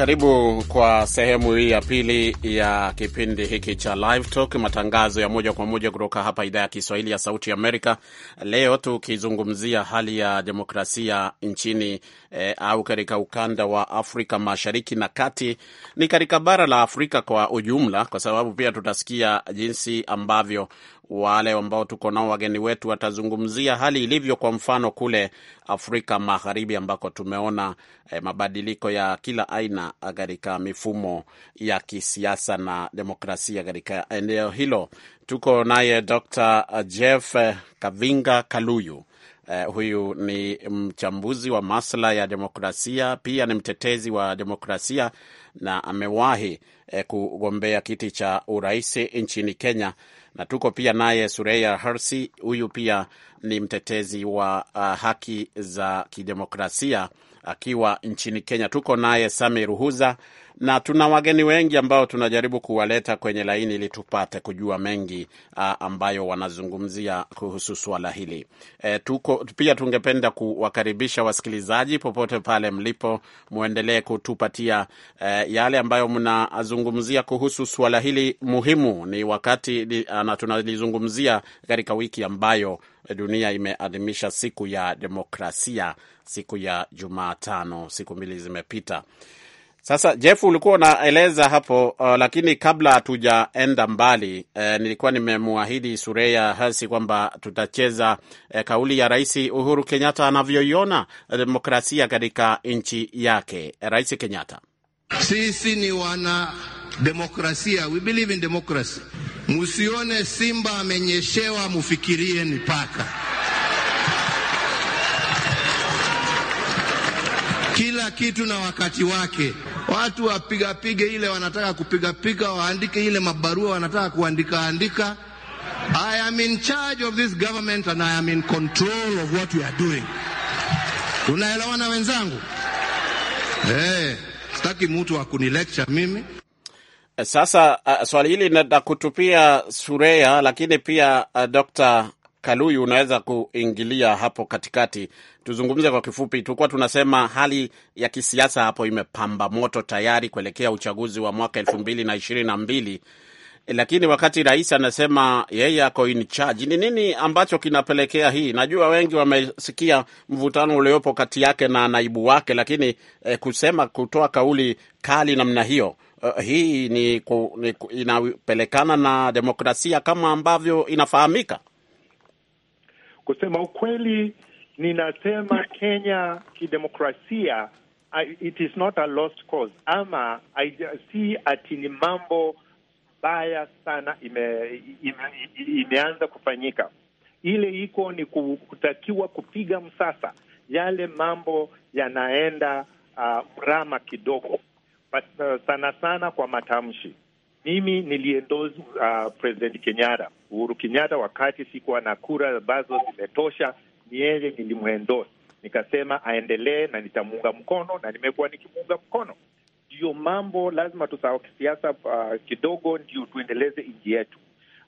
Karibu kwa sehemu hii ya pili ya kipindi hiki cha Live Talk, matangazo ya moja kwa moja kutoka hapa idhaa ya Kiswahili ya Sauti Amerika. Leo tukizungumzia hali ya demokrasia nchini eh, au katika ukanda wa Afrika Mashariki na Kati, ni katika bara la Afrika kwa ujumla, kwa sababu pia tutasikia jinsi ambavyo wale ambao tuko nao wageni wetu watazungumzia hali ilivyo, kwa mfano kule Afrika Magharibi ambako tumeona eh, mabadiliko ya kila aina katika mifumo ya kisiasa na demokrasia katika eneo hilo. Tuko naye Dr. Jeff Kavinga Kaluyu. Eh, huyu ni mchambuzi wa masuala ya demokrasia, pia ni mtetezi wa demokrasia na amewahi eh, kugombea kiti cha urais nchini Kenya na tuko pia naye Sureya Harsi, huyu pia ni mtetezi wa uh, haki za kidemokrasia akiwa nchini Kenya. Tuko naye Sami Ruhuza na tuna wageni wengi ambao tunajaribu kuwaleta kwenye laini ili tupate kujua mengi uh, ambayo wanazungumzia kuhusu swala hili e, tuko pia, tungependa kuwakaribisha wasikilizaji popote pale mlipo, mwendelee kutupatia e, yale ambayo mnazungumzia kuhusu swala hili muhimu. Ni wakati ni, ah, na tunalizungumzia katika wiki ambayo dunia imeadhimisha siku ya demokrasia, siku ya jumaatano siku mbili zimepita. Sasa Jeff, ulikuwa unaeleza hapo uh, lakini kabla hatujaenda mbali eh, nilikuwa nimemwahidi Sureya Hasi kwamba tutacheza eh, kauli ya Rais Uhuru Kenyatta anavyoiona demokrasia katika nchi yake. Rais Kenyatta: sisi ni wana demokrasia, we believe in democracy. Msione simba amenyeshewa, mufikirie ni paka. kila kitu na wakati wake. Watu wapigapige ile wanataka kupigapiga waandike ile mabarua wanataka kuandika andika. I am in charge of this government and I am in control of what we are doing. Tunaelewana wenzangu? Hey, eh, sitaki mtu akunilecture mimi. Eh, sasa uh, swali hili nitakutupia Sureya, lakini pia uh, Dr. Kaluyu unaweza kuingilia hapo katikati tuzungumze kwa kifupi, tulikuwa tunasema hali ya kisiasa hapo imepamba moto tayari kuelekea uchaguzi wa mwaka elfu mbili na ishirini na mbili lakini wakati rais anasema yeye ako in charge, ni nini ambacho kinapelekea hii? Najua wengi wamesikia mvutano uliopo kati yake na naibu wake, lakini eh, kusema kutoa kauli kali namna hiyo uh, hii ni, ku, ni inapelekana na demokrasia kama ambavyo inafahamika. Kusema ukweli ninasema Kenya kidemokrasia it is not a lost cause, ama si ati ni mambo baya sana ime, ime, imeanza kufanyika. Ile iko ni kutakiwa kupiga msasa yale mambo yanaenda uh, mrama kidogo but, uh, sana sana kwa matamshi. Mimi niliendozi uh, ah, President Kenyatta Uhuru Kenyatta wakati sikuwa na kura ambazo zimetosha ni yeye nilimwendosi, nikasema aendelee na nitamuunga mkono na nimekuwa nikimuunga mkono. Ndiyo mambo lazima tusahau kisiasa uh, kidogo, ndio tuendeleze nchi yetu.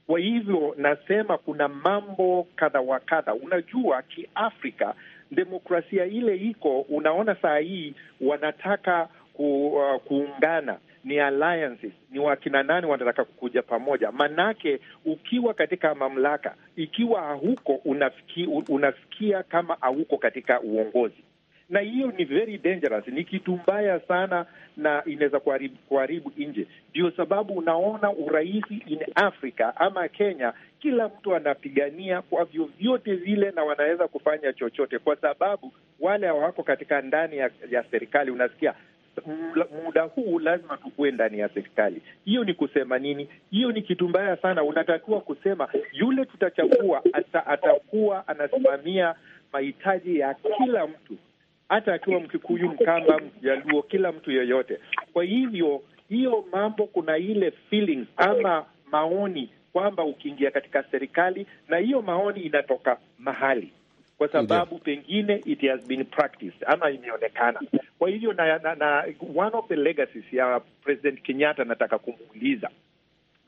Kwa hivyo nasema kuna mambo kadha wa kadha. Unajua, kiafrika demokrasia ile iko, unaona saa hii wanataka ku, uh, kuungana ni alliances, ni wakina nani wanataka kukuja pamoja. Manake ukiwa katika mamlaka, ikiwa hauko unafiki, unasikia kama hauko katika uongozi, na hiyo ni very dangerous, ni kitu mbaya sana, na inaweza kuharibu, kuharibu nje. Ndio sababu unaona urahisi in Africa ama Kenya, kila mtu anapigania kwa vyovyote vile, na wanaweza kufanya chochote, kwa sababu wale hawako katika ndani ya, ya serikali, unasikia muda huu lazima tukuwe ndani ya serikali. Hiyo ni kusema nini? Hiyo ni kitu mbaya sana. Unatakiwa kusema yule tutachagua ata, atakuwa anasimamia mahitaji ya kila mtu, hata akiwa Mkikuyu, Mkamba, Mjaluo, kila mtu yoyote. Kwa hivyo hiyo mambo, kuna ile feelings ama maoni kwamba ukiingia katika serikali, na hiyo maoni inatoka mahali kwa sababu pengine it has been practiced ama imeonekana. Kwa hivyo na, na, na one of the legacies ya President Kenyatta nataka kumuuliza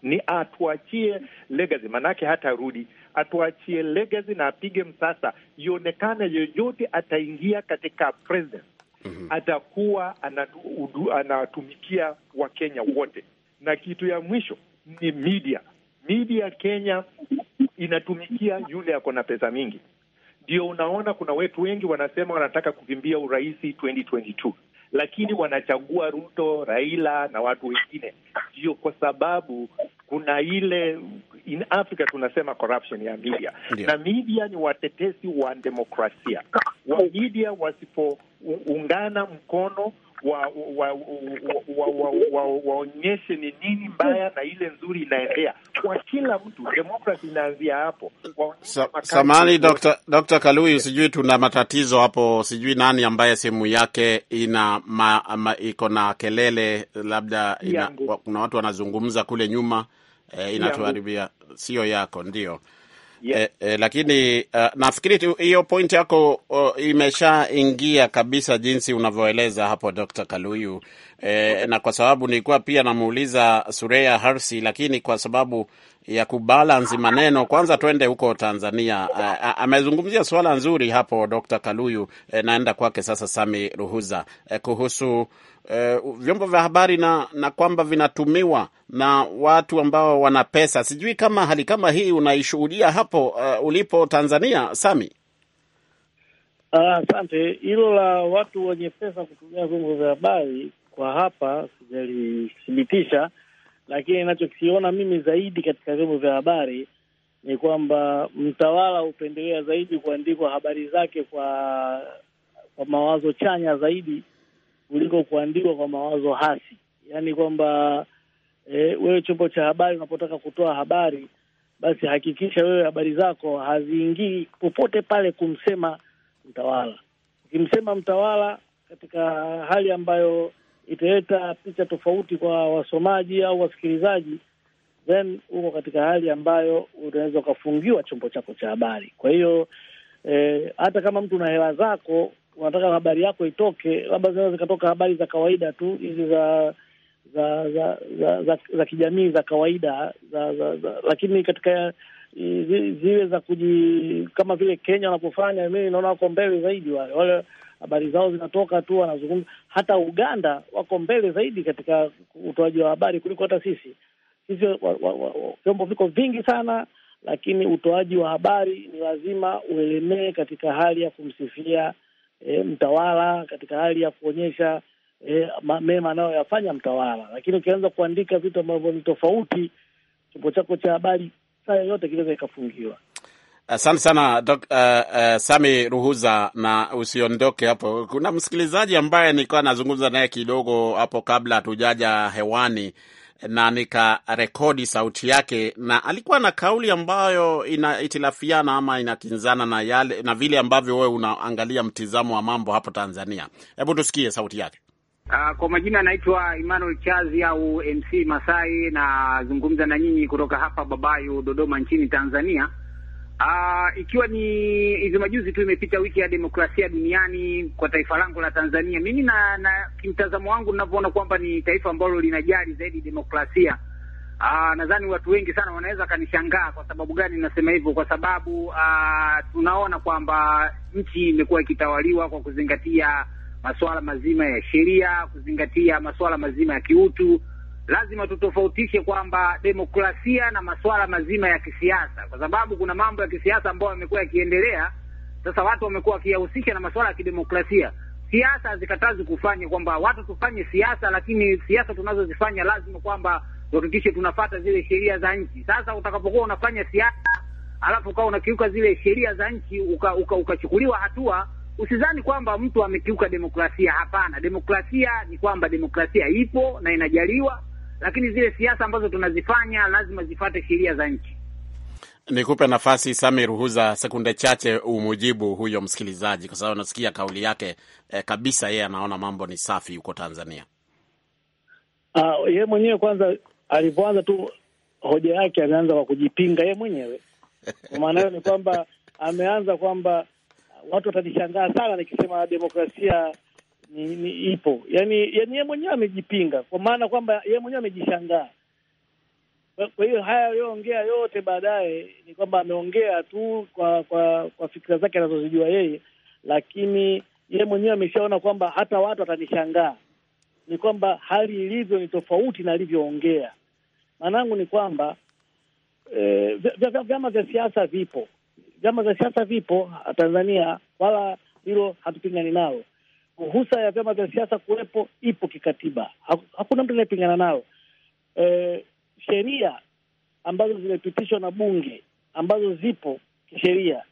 ni atuachie legacy, maanake hata rudi, atuachie legacy na apige msasa, ionekane yoyote ataingia katika president mm -hmm. atakuwa anatumikia Wakenya wote. Na kitu ya mwisho ni media. Media Kenya inatumikia yule ako na pesa mingi ndio unaona kuna wetu wengi wanasema wanataka kukimbia urais 2022 lakini wanachagua Ruto, Raila na watu wengine, ndio kwa sababu kuna ile in Africa tunasema corruption ya media yeah. Na media ni watetezi wa demokrasia wa media wasipoungana mkono waonyeshe ni nini mbaya na ile nzuri inaendea kwa kila mtu. Demokrasi inaanzia hapo. samani Dr. Kalui, sijui tuna matatizo hapo, sijui nani ambaye simu yake ina iko na kelele, labda kuna watu wanazungumza kule nyuma eh, inatuharibia. Sio yako ndio? yes. E, eh, e, eh, lakini uh, nafikiri hiyo point yako uh, imeshaingia kabisa jinsi unavyoeleza hapo Dr. Kaluyu e, na kwa sababu nilikuwa pia namuuliza Sureya Harsi, lakini kwa sababu ya kubalansi maneno kwanza, twende huko Tanzania. amezungumzia swala nzuri hapo Dr. Kaluyu e, naenda kwake sasa Sami Ruhuza e, kuhusu eh, vyombo vya habari na, na kwamba vinatumiwa na watu ambao wana pesa. Sijui kama hali kama hii unaishuhudia hapo uh, ulipo Tanzania, Sami? Ah, asante. Uh, hilo la watu wenye pesa kutumia vyombo vya habari kwa hapa sijalithibitisha, lakini ninachokiona mimi zaidi katika vyombo vya habari ni kwamba mtawala hupendelea zaidi kuandikwa habari zake kwa kwa mawazo chanya zaidi kuliko kuandikwa kwa mawazo hasi, yaani kwamba e, wewe chombo cha habari unapotaka kutoa habari, basi hakikisha wewe habari zako haziingii popote pale kumsema mtawala. Ukimsema mtawala katika hali ambayo italeta picha tofauti kwa wasomaji au wasikilizaji, then uko katika hali ambayo unaweza ukafungiwa chombo chako cha habari. Kwa hiyo eh, hata kama mtu na hela zako wanataka habari yako itoke, labda zinaweza zikatoka habari za kawaida tu hizi za za za za, za, za kijamii za kawaida za, za, za, lakini katika zile za kuji kama vile Kenya wanapofanya, mimi naona wako mbele zaidi wale wale habari zao zinatoka tu, wanazungumza. Hata Uganda wako mbele zaidi katika utoaji wa habari kuliko hata sisi. Sisi vyombo viko vingi sana, lakini utoaji wa habari ni lazima uelemee katika hali ya kumsifia e, mtawala katika hali ya kuonyesha e, mema anayoyafanya mtawala. Lakini ukianza kuandika vitu ambavyo ni tofauti, chombo chako cha habari saa yoyote kinaweza ikafungiwa. Asante sana dok, uh, uh, Sami Ruhuza, na usiondoke hapo. Kuna msikilizaji ambaye nilikuwa nazungumza naye kidogo hapo kabla hatujaja hewani na nikarekodi sauti yake, na alikuwa na kauli ambayo inaitilafiana ama inakinzana na yale na vile ambavyo wewe unaangalia mtizamo wa mambo hapo Tanzania. Hebu tusikie sauti yake. Uh, kwa majina anaitwa Emmanuel Chazi au MC Masai, nazungumza na nyinyi kutoka hapa Babayu, Dodoma nchini Tanzania. Uh, ikiwa ni hivi majuzi tu imepita wiki ya demokrasia duniani kwa taifa langu la Tanzania, mimi na, na kimtazamo wangu ninavyoona kwamba ni taifa ambalo linajali zaidi demokrasia. Uh, nadhani watu wengi sana wanaweza wakanishangaa kwa sababu gani nasema hivyo, kwa sababu uh, tunaona kwamba nchi imekuwa ikitawaliwa kwa kuzingatia masuala mazima ya sheria, kuzingatia masuala mazima ya kiutu lazima tutofautishe kwamba demokrasia na masuala mazima ya kisiasa, kwa sababu kuna mambo ya kisiasa ambayo yamekuwa yakiendelea. Sasa watu wamekuwa wakiyahusisha na masuala ya kidemokrasia. Siasa hazikatazi kufanya kwamba watu tufanye siasa, lakini siasa tunazozifanya lazima kwamba tuhakikishe tunafata zile sheria za nchi. Sasa utakapokuwa unafanya siasa alafu ukawa unakiuka zile sheria za nchi ukachukuliwa uka, uka hatua, usizani kwamba mtu amekiuka demokrasia. Hapana, demokrasia ni kwamba demokrasia ipo na inajaliwa lakini zile siasa ambazo tunazifanya lazima zifate sheria za nchi. Nikupe nafasi Samir Huza sekunde chache umujibu huyo msikilizaji, kwa sababu nasikia kauli yake eh, kabisa yeye anaona mambo ni safi huko Tanzania. Uh, yeye mwenyewe kwanza alipoanza tu hoja yake ameanza kwa kujipinga yeye mwenyewe. Kwa maana hiyo ni kwamba ameanza kwamba watu watanishangaa sana nikisema demokrasia ni, ni ipo yani yani yeye mwenyewe amejipinga kwa maana kwamba yeye mwenyewe amejishangaa. Kwa hiyo haya aliyoongea yote baadaye ni kwamba ameongea tu kwa kwa kwa fikira zake anazozijua yeye, lakini yeye mwenyewe ameshaona kwamba hata watu watanishangaa, ni kwamba hali ilivyo ni tofauti na alivyoongea. Maanangu ni kwamba e, vyama vya siasa vipo, vyama vya siasa vipo Tanzania, wala hilo hatupingani nalo ruhusa ya vyama vya siasa kuwepo ipo kikatiba, hakuna mtu anayepingana nayo. E, sheria ambazo zimepitishwa na bunge ambazo zipo kisheria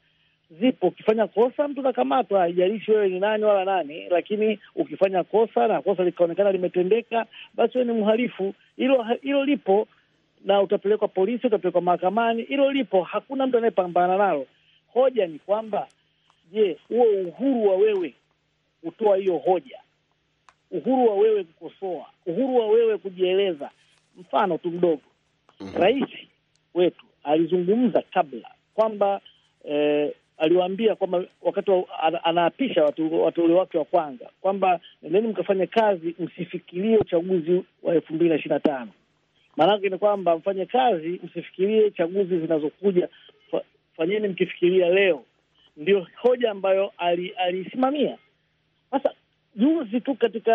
zipo. Ukifanya kosa mtu nakamatwa haijalishi wewe ni nani wala nani, lakini ukifanya kosa na kosa likaonekana limetendeka, basi wewe ni mhalifu. Hilo hilo lipo na utapelekwa polisi, utapelekwa mahakamani. Hilo lipo, hakuna mtu anayepambana nalo. Hoja ni kwamba je, huo uhuru wa wewe kutoa hiyo hoja, uhuru wa wewe kukosoa, uhuru wa wewe kujieleza. Mfano tu mdogo, mm -hmm. Rais wetu alizungumza kabla kwamba eh, aliwaambia kwamba wakati wa, anaapisha wateule wake wa kwanza kwamba nendeni mkafanye kazi, msifikirie uchaguzi wa elfu mbili na ishirini na tano. Maanake ni kwamba mfanye kazi, msifikirie chaguzi zinazokuja, fanyeni mkifikiria leo. Ndio hoja ambayo aliisimamia ali sasa juzi tu katika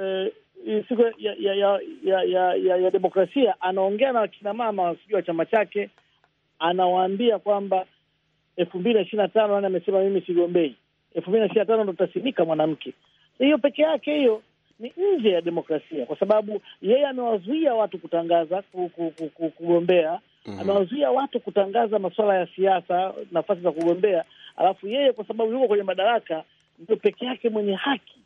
eh, siku ya ya ya, ya ya ya ya demokrasia anaongea na wakinamama sijui wa chama chake, anawaambia kwamba elfu mbili na ishirini na tano yani amesema mimi sigombei, elfu mbili na ishirini na tano ndo tasimika mwanamke. Hiyo peke yake hiyo ni nje ya demokrasia, kwa sababu yeye amewazuia watu kutangaza kugombea, mhm. amewazuia watu kutangaza masuala ya siasa, nafasi za kugombea, alafu yeye kwa sababu yuko kwenye madaraka ndio peke yake mwenye haki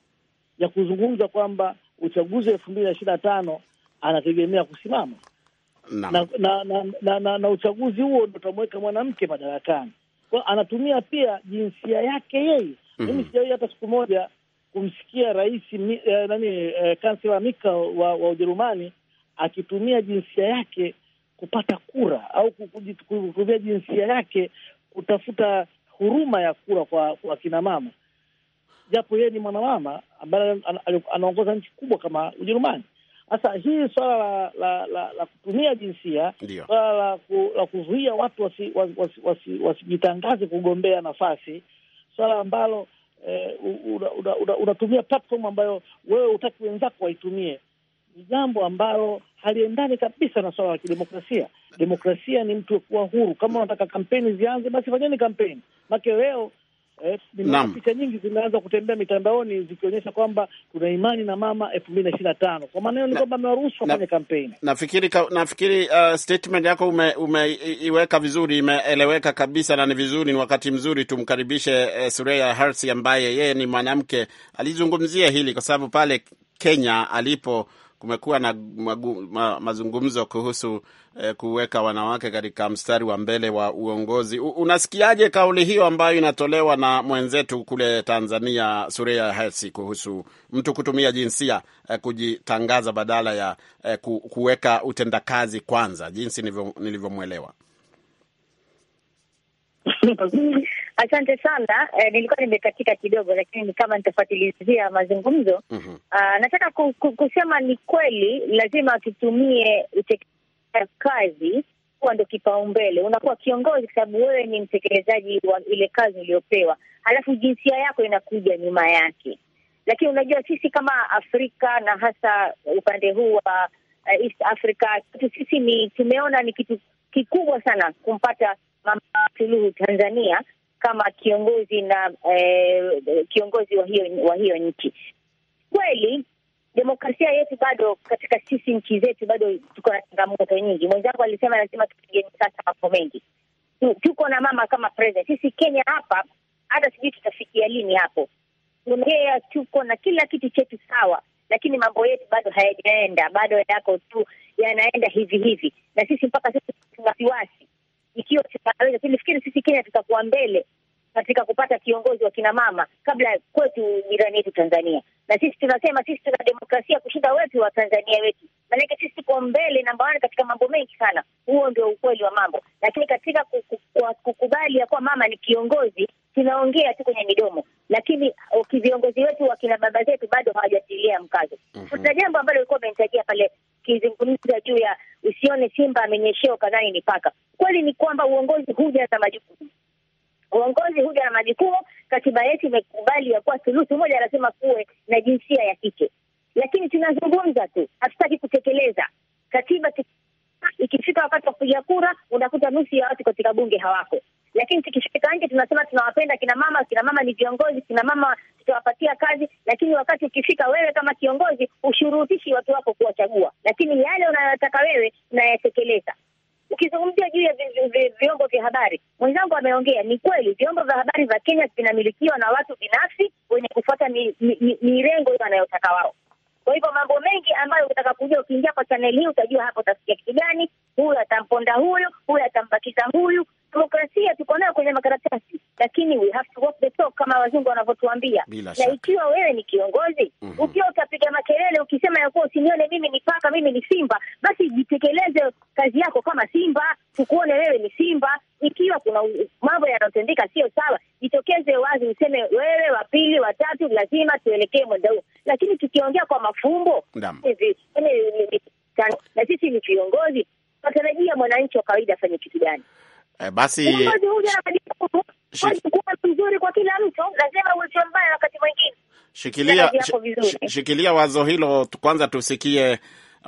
ya kuzungumza kwamba uchaguzi wa elfu mbili na ishirini na tano anategemea kusimama na na, na, na, na, na, na uchaguzi huo ndo utamuweka mwanamke madarakani. Kwa anatumia pia jinsia yake yeye. Mhm. Mimi mm -hmm. sijawahi hata siku moja kumsikia rais eh, nani eh, kansela Mika wa, wa Ujerumani akitumia jinsia yake kupata kura au kutumia jinsia yake kutafuta huruma ya kura kwa, kwa kina mama japo yeye ni mwanamama ambaye anaongoza nchi kubwa kama Ujerumani. Sasa hii swala la, la, la, la kutumia jinsia, swala la, ku, la kuzuia watu wasijitangaze kugombea nafasi, swala ambalo eh, unatumia una, una, una platform ambayo wewe utaki wenzako waitumie ni jambo ambalo haliendani kabisa na swala la kidemokrasia. Demokrasia ni mtu kuwa huru. Kama unataka kampeni zianze, basi fanyeni kampeni, make leo Eh, picha nyingi zimeanza kutembea mitandaoni zikionyesha kwamba tuna imani na mama elfu mbili na ishirini na tano. Kwa maana hiyo ni kwamba amewaruhusu wafanye kampeni. Nafikiri nafikiri uh, statement yako umeiweka ume, vizuri imeeleweka kabisa na ni vizuri, ni wakati mzuri tumkaribishe uh, Sureya Harsi ambaye yeye ni mwanamke alizungumzia hili kwa sababu pale Kenya alipo kumekuwa na magu, ma, mazungumzo kuhusu eh, kuweka wanawake katika mstari wa mbele wa uongozi. U, unasikiaje kauli hiyo ambayo inatolewa na mwenzetu kule Tanzania Sureya Hersi kuhusu mtu kutumia jinsia eh, kujitangaza badala ya eh, kuweka utendakazi kwanza, jinsi nilivyomwelewa Asante sana eh, nilikuwa nimekatika kidogo, lakini ni kama nitafuatilizia mazungumzo mm -hmm. Uh, nataka ku, ku, kusema ni kweli, lazima tutumie utekelezaji kazi kuwa ndo kipaumbele. Unakuwa kiongozi kwa sababu wewe ni mtekelezaji wa ile kazi uliyopewa, halafu jinsia yako inakuja nyuma yake. Lakini unajua sisi kama Afrika na hasa upande huu wa uh, East Africa, kitu sisi ni tumeona ni kitu kikubwa sana kumpata Mama Suluhu Tanzania kama kiongozi na eh, kiongozi wa hiyo wa hiyo nchi. Kweli demokrasia yetu bado katika sisi nchi zetu bado tuko na changamoto nyingi. Mwenzangu alisema lazima tupigeni sasa mambo mengi, tuko na mama kama president. Sisi Kenya hapa hata sijui tutafikia lini hapo. Tunaongea, tuko na kila kitu chetu sawa, lakini mambo yetu bado hayajaenda, bado yako tu yanaenda hivi hivi, na sisi mpaka sisi tuna wasiwasi ikiwa tutaweza, nafikiri sisi Kenya tutakuwa mbele katika kupata kiongozi wa kina mama kabla kwetu jirani yetu Tanzania. Na sisi tunasema sisi tuna demokrasia kushinda wetu wa Tanzania wetu, maanake sisi tuko mbele namba wani katika mambo mengi sana. Huo ndio ukweli wa mambo, lakini katika kukubali ya kuwa mama ni kiongozi, tunaongea tu kwenye midomo, lakini viongozi uh, wetu wakina baba zetu bado hawajatilia mkazo. Mhm. Kuna jambo ambalo ulikuwa umenitajia pale kizungumza juu ya usione Simba amenyeshewa kadhani ni paka. Kweli ni kwamba uongozi huja na majukumu, uongozi huja na majukumu. Katiba yetu imekubali ya kuwa thuluthi moja lazima kuwe na jinsia ya kike, lakini tunazungumza tu, hatutaki kutekeleza katiba. Ikifika wakati wa kupiga kura, unakuta nusu ya watu katika bunge hawako lakini tukifika nje tunasema tunawapenda kina mama, kina mama ni viongozi, kina mama tutawapatia kazi, lakini wakati ukifika wewe kama kiongozi ushurutishi watu wako kuwachagua, lakini yale unayotaka wewe unayatekeleza. Ukizungumzia juu ya vyombo vya habari, mwenzangu ameongea, ni kweli vyombo vya habari vya Kenya vinamilikiwa na watu binafsi wenye kufuata mirengo mi, mi, mi wanayotaka wao. Kwa hivyo mambo mengi ambayo utaka kujua, ukiingia kwa chaneli hii utajua hapo utasikia kitu gani, huyu atamponda huyu, huyu atambakiza huyu, demokrasia tuko nayo kwenye makaratasi, lakini we have to walk the talk kama wazungu wanavyotuambia. Na ikiwa wewe ni kiongozi mm -hmm. ukiwa utapiga makelele ukisema ya kuwa usinione mimi ni paka, mimi ni simba, basi jitekeleze kazi yako kama simba, tukuone wewe ni simba. Ikiwa kuna mambo yanayotendeka sio sawa, jitokeze wazi, useme wewe, wa pili, wa tatu, lazima tuelekee mwendo huo, lakini tukiongea kwa mafumbo hivi na sisi ni kiongozi tunatarajia mwananchi wa kawaida afanye kitu gani? Eh, basi yaani kila Shikilia shikilia wazo hilo kwanza, tusikie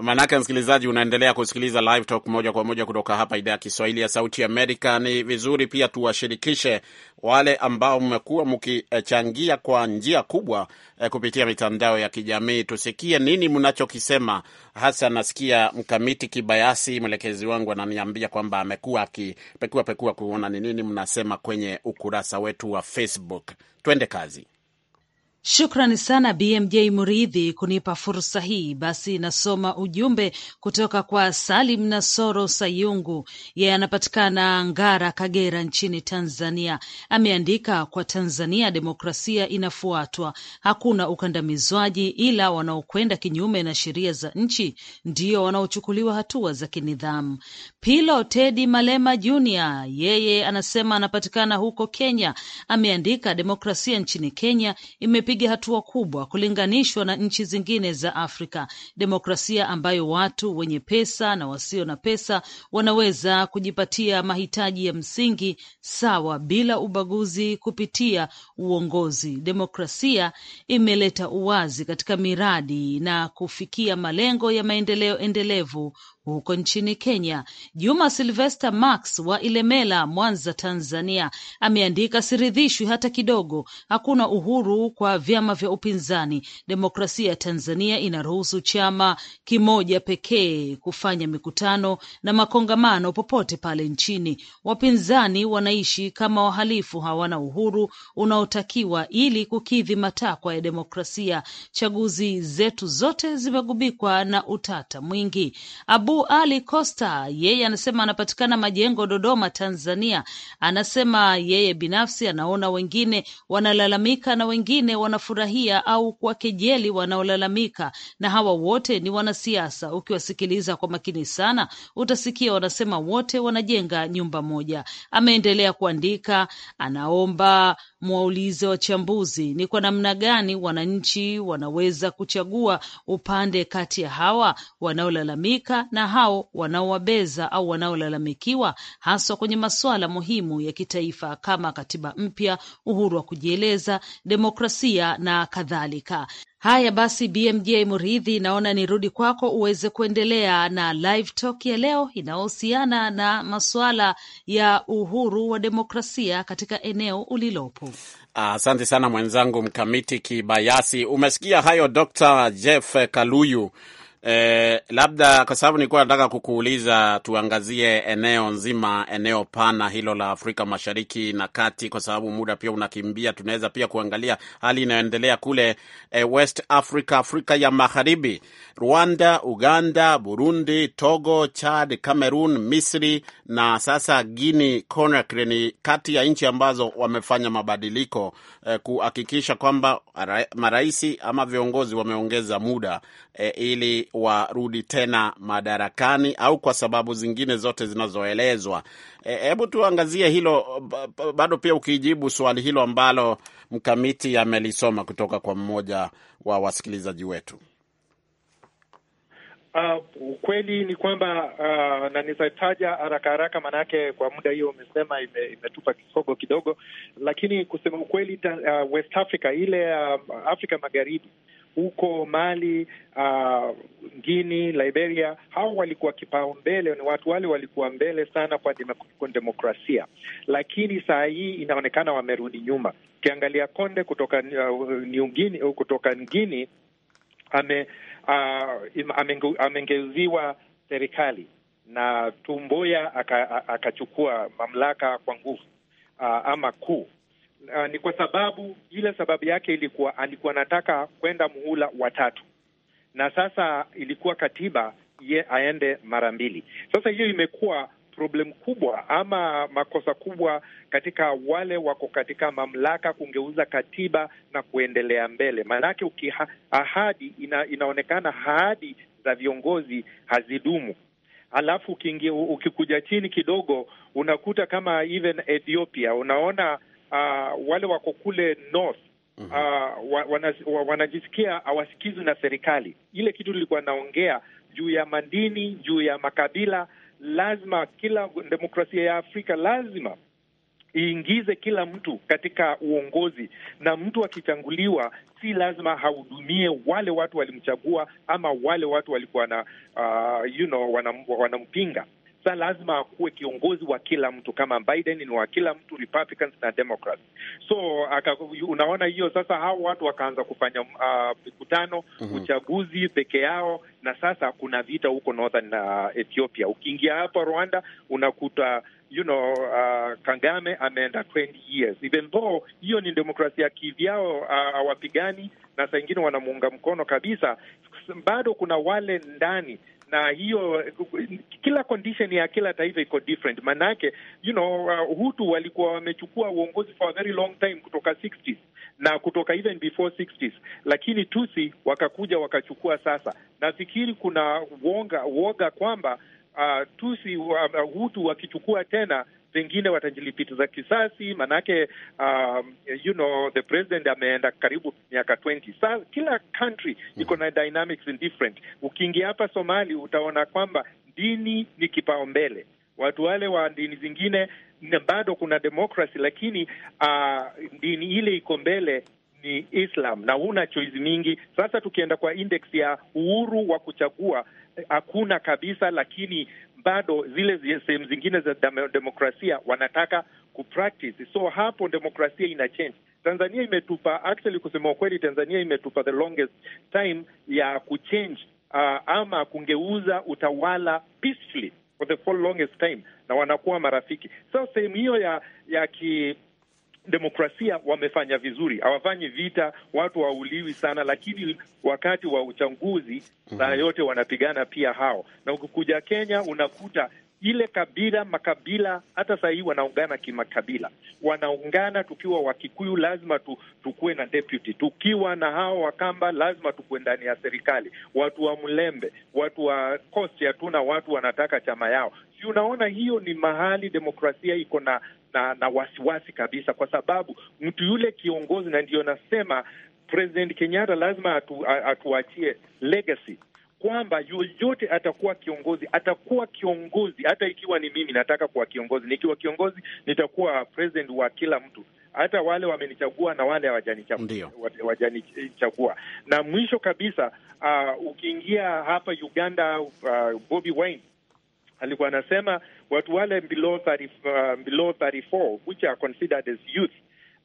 Maanake msikilizaji, unaendelea kusikiliza Live Talk moja kwa moja kutoka hapa idhaa ya Kiswahili ya Sauti Amerika. Ni vizuri pia tuwashirikishe wale ambao mmekuwa mkichangia kwa njia kubwa eh, kupitia mitandao ya kijamii, tusikie nini mnachokisema hasa. Nasikia Mkamiti Kibayasi, mwelekezi wangu, ananiambia kwamba amekuwa akipekua pekua kuona ni nini mnasema kwenye ukurasa wetu wa Facebook. Twende kazi. Shukrani sana BMJ Muridhi kunipa fursa hii. Basi nasoma ujumbe kutoka kwa Salim Nasoro Sayungu, yeye anapatikana Ngara, Kagera nchini Tanzania. Ameandika, kwa Tanzania demokrasia inafuatwa, hakuna ukandamizwaji, ila wanaokwenda kinyume na sheria za nchi ndio wanaochukuliwa hatua za kinidhamu. Pilo Tedi Malema Jr yeye anasema anapatikana huko Kenya. Ameandika demokrasia nchini Kenya imepiga hatua kubwa kulinganishwa na nchi zingine za Afrika, demokrasia ambayo watu wenye pesa na wasio na pesa wanaweza kujipatia mahitaji ya msingi sawa bila ubaguzi kupitia uongozi. Demokrasia imeleta uwazi katika miradi na kufikia malengo ya maendeleo endelevu huko nchini Kenya, Juma Silvester Max wa Ilemela, Mwanza, Tanzania, ameandika siridhishwi hata kidogo. Hakuna uhuru kwa vyama vya upinzani. Demokrasia ya Tanzania inaruhusu chama kimoja pekee kufanya mikutano na makongamano popote pale nchini. Wapinzani wanaishi kama wahalifu, hawana uhuru unaotakiwa ili kukidhi matakwa ya demokrasia. Chaguzi zetu zote zimegubikwa na utata mwingi. Abu Abu Ali Costa yeye anasema anapatikana Majengo, Dodoma, Tanzania. Anasema yeye binafsi anaona wengine wanalalamika na wengine wanafurahia au kuwakejeli wanaolalamika, na hawa wote ni wanasiasa. Ukiwasikiliza kwa makini sana, utasikia wanasema wote wanajenga nyumba moja. Ameendelea kuandika, anaomba mwaulize wachambuzi ni kwa namna gani wananchi wanaweza kuchagua upande kati ya hawa wanaolalamika na hao wanaowabeza au wanaolalamikiwa, haswa kwenye masuala muhimu ya kitaifa kama katiba mpya, uhuru wa kujieleza, demokrasia na kadhalika. Haya basi, BMJ Muridhi, naona nirudi kwako uweze kuendelea na live talk ya leo inayohusiana na masuala ya uhuru wa demokrasia katika eneo ulilopo. Asante ah, sana mwenzangu Mkamiti Kibayasi. Umesikia hayo Dr. Jeff Kaluyu Eh, labda kwa sababu nilikuwa nataka kukuuliza tuangazie eneo nzima, eneo pana hilo la Afrika Mashariki na Kati, kwa sababu muda pia unakimbia. Tunaweza pia kuangalia hali inayoendelea kule eh, West Africa, Afrika ya Magharibi, Rwanda, Uganda, Burundi, Togo, Chad, Cameroon, Misri na sasa Guinea Conakry ni kati ya nchi ambazo wamefanya mabadiliko eh, kuhakikisha kwamba maraisi ama viongozi wameongeza muda e, ili warudi tena madarakani au kwa sababu zingine zote zinazoelezwa. E, hebu e, tuangazie hilo bado pia, ukijibu swali hilo ambalo mkamiti amelisoma kutoka kwa mmoja wa wasikilizaji wetu. Uh, ukweli ni kwamba uh, na nitataja haraka haraka, maanake kwa muda hiyo umesema ime, imetupa kisogo kidogo, lakini kusema ukweli uh, West Africa ile uh, Afrika Magharibi huko Mali, uh, Guini, Liberia, hao walikuwa kipaumbele, ni watu wale walikuwa mbele sana kwa demokrasia, lakini saa hii inaonekana wamerudi nyuma. Ukiangalia Konde kutoka uh, Guini, kutoka Guini ame uh, amengeuziwa serikali na Tumboya akachukua mamlaka kwa nguvu uh, ama kuu uh, ni kwa sababu ile sababu yake ilikuwa alikuwa anataka kwenda muhula wa tatu, na sasa ilikuwa katiba ye aende mara mbili. Sasa hiyo imekuwa problem kubwa ama makosa kubwa katika wale wako katika mamlaka kungeuza katiba na kuendelea mbele. Maanake ahadi ina, inaonekana ahadi za viongozi hazidumu. Alafu ukingi, ukikuja chini kidogo unakuta kama even Ethiopia unaona uh, wale wako kule north Uh, wanajisikia wana, wana hawasikizwi na serikali. Ile kitu nilikuwa naongea juu ya madini, juu ya makabila lazima kila demokrasia ya Afrika lazima iingize kila mtu katika uongozi, na mtu akichanguliwa si lazima hahudumie wale watu walimchagua ama wale watu walikuwa na uh, you know, wanampinga sa lazima akuwe kiongozi wa kila mtu, kama Biden ni wa kila mtu, Republicans na Democrats. So aka, unaona hiyo sasa, hao watu wakaanza kufanya uh, mikutano uh, mm -hmm. uchaguzi peke yao, na sasa kuna vita huko northern na uh, Ethiopia. Ukiingia hapa Rwanda unakuta you know uh, Kagame ameenda 20 years even though hiyo ni demokrasia kivyao, uh, hawapigani uh, na saa ingine wanamuunga mkono kabisa. Bado kuna wale ndani na hiyo kila condition ya kila taifa iko different. Maanake you know, uh, Hutu walikuwa wamechukua uongozi for a very long time kutoka 60s na kutoka even before 60s, lakini tusi wakakuja wakachukua. Sasa nafikiri kuna woga kwamba uh, Tusi uh, Hutu wakichukua tena pengine watajilipitiza kisasi, manake um, you know, the president ameenda karibu miaka 20. Sa, kila country hmm. iko na dynamics different. Ukiingia hapa Somali utaona kwamba dini ni kipaumbele, watu wale wa dini zingine bado kuna demokrasi, lakini uh, dini ile iko mbele ni Islam na huna choice mingi. Sasa tukienda kwa index ya uhuru wa kuchagua hakuna kabisa, lakini bado zile sehemu zingine za demokrasia wanataka kupractice. So hapo demokrasia ina change. Tanzania imetupa actually, kusema ukweli, Tanzania imetupa the longest time ya kuchange uh, ama kungeuza utawala peacefully for the longest time, na wanakuwa marafiki. So sehemu hiyo ya ya ki demokrasia wamefanya vizuri, hawafanyi vita, watu wauliwi sana, lakini wakati wa uchaguzi mhm. saa yote wanapigana pia hao. Na ukikuja Kenya unakuta ile kabila makabila hata saa hii wanaungana kimakabila, wanaungana. Tukiwa Wakikuyu lazima tu, tukuwe na deputy, tukiwa na hao Wakamba lazima tukuwe ndani ya serikali, watu wa Mlembe, watu wa Coast hatuna watu wanataka chama yao. Si unaona, hiyo ni mahali demokrasia iko na na, na wasiwasi kabisa, kwa sababu mtu yule kiongozi, na ndiyo nasema President Kenyatta lazima atu, atuachie legacy kwamba yoyote atakuwa kiongozi, atakuwa kiongozi. Hata ikiwa ni mimi nataka kuwa kiongozi, nikiwa kiongozi nitakuwa president wa kila mtu, hata wale wamenichagua na wale hawajanichagua, wajanichagua. Na mwisho kabisa, uh, ukiingia hapa Uganda, uh, Bobi Wine alikuwa anasema watu wale below 30, uh, below 34 which are considered as youth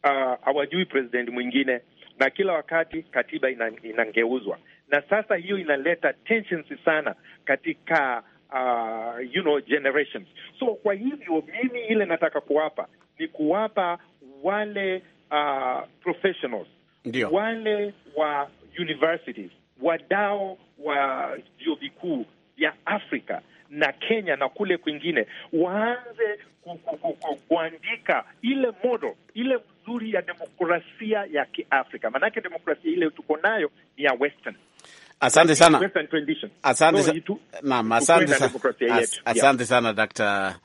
uh, hawajui uh, president mwingine, na kila wakati katiba inangeuzwa ina, na sasa hiyo inaleta tensions sana katika uh, you know, generations. So kwa hivyo mimi ile nataka kuwapa ni kuwapa wale uh, professionals Ndiyo. wale wa universities wadao wa vyuo vikuu vya Afrika na Kenya na kule kwingine waanze kuandika ile model ile mzuri ya demokrasia ya Kiafrika, maanake demokrasia ile tuko nayo ni ya western. Asante sana, Asante sana, naam, asante, sana, asante sana Dr.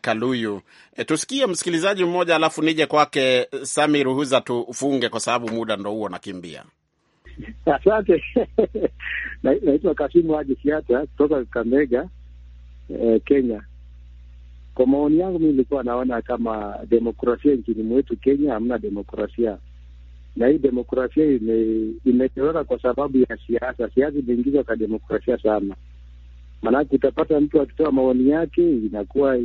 Kaluyu. E, tusikie msikilizaji mmoja alafu nije kwake Sami Ruhuza tufunge kwa sababu muda ndo huo nakimbia. Asante. Naitwa Kasimu Haji Siata kutoka Kamega, eh, Kenya. Kwa maoni yangu, mi nilikuwa naona kama demokrasia nchini mwetu Kenya hamna demokrasia, na hii demokrasia imetoweka kwa sababu ya siasa. Siasa imeingizwa kwa demokrasia sana, maanake utapata mtu akitoa maoni yake inakuwa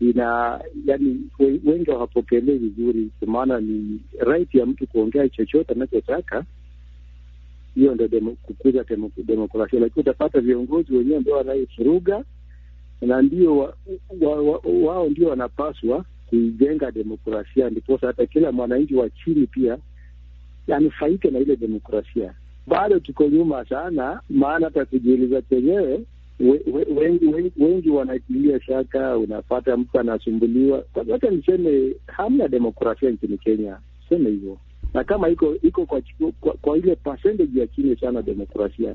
ina yani, wengi hawapokelei vizuri, kwa maana ni right ya mtu kuongea chochote anachotaka. Hiyo ndo demo, kukuza demokrasia, lakini utapata viongozi wenyewe ndio wanaifuruga na ndio wao wa, wa, wa ndio wanapaswa kuijenga demokrasia, ndiposa hata kila mwananchi wa chini pia anufaike na ile demokrasia. Bado tuko nyuma sana, maana hata kujiuliza chenyewe we, we, wengi, wengi, shaka. Unapata mtu anasumbuliwa. Wacha niseme hamna demokrasia nchini Kenya, seme hivyo, na kama iko iko kwa, kwa, kwa ile percentage ya chini sana demokrasia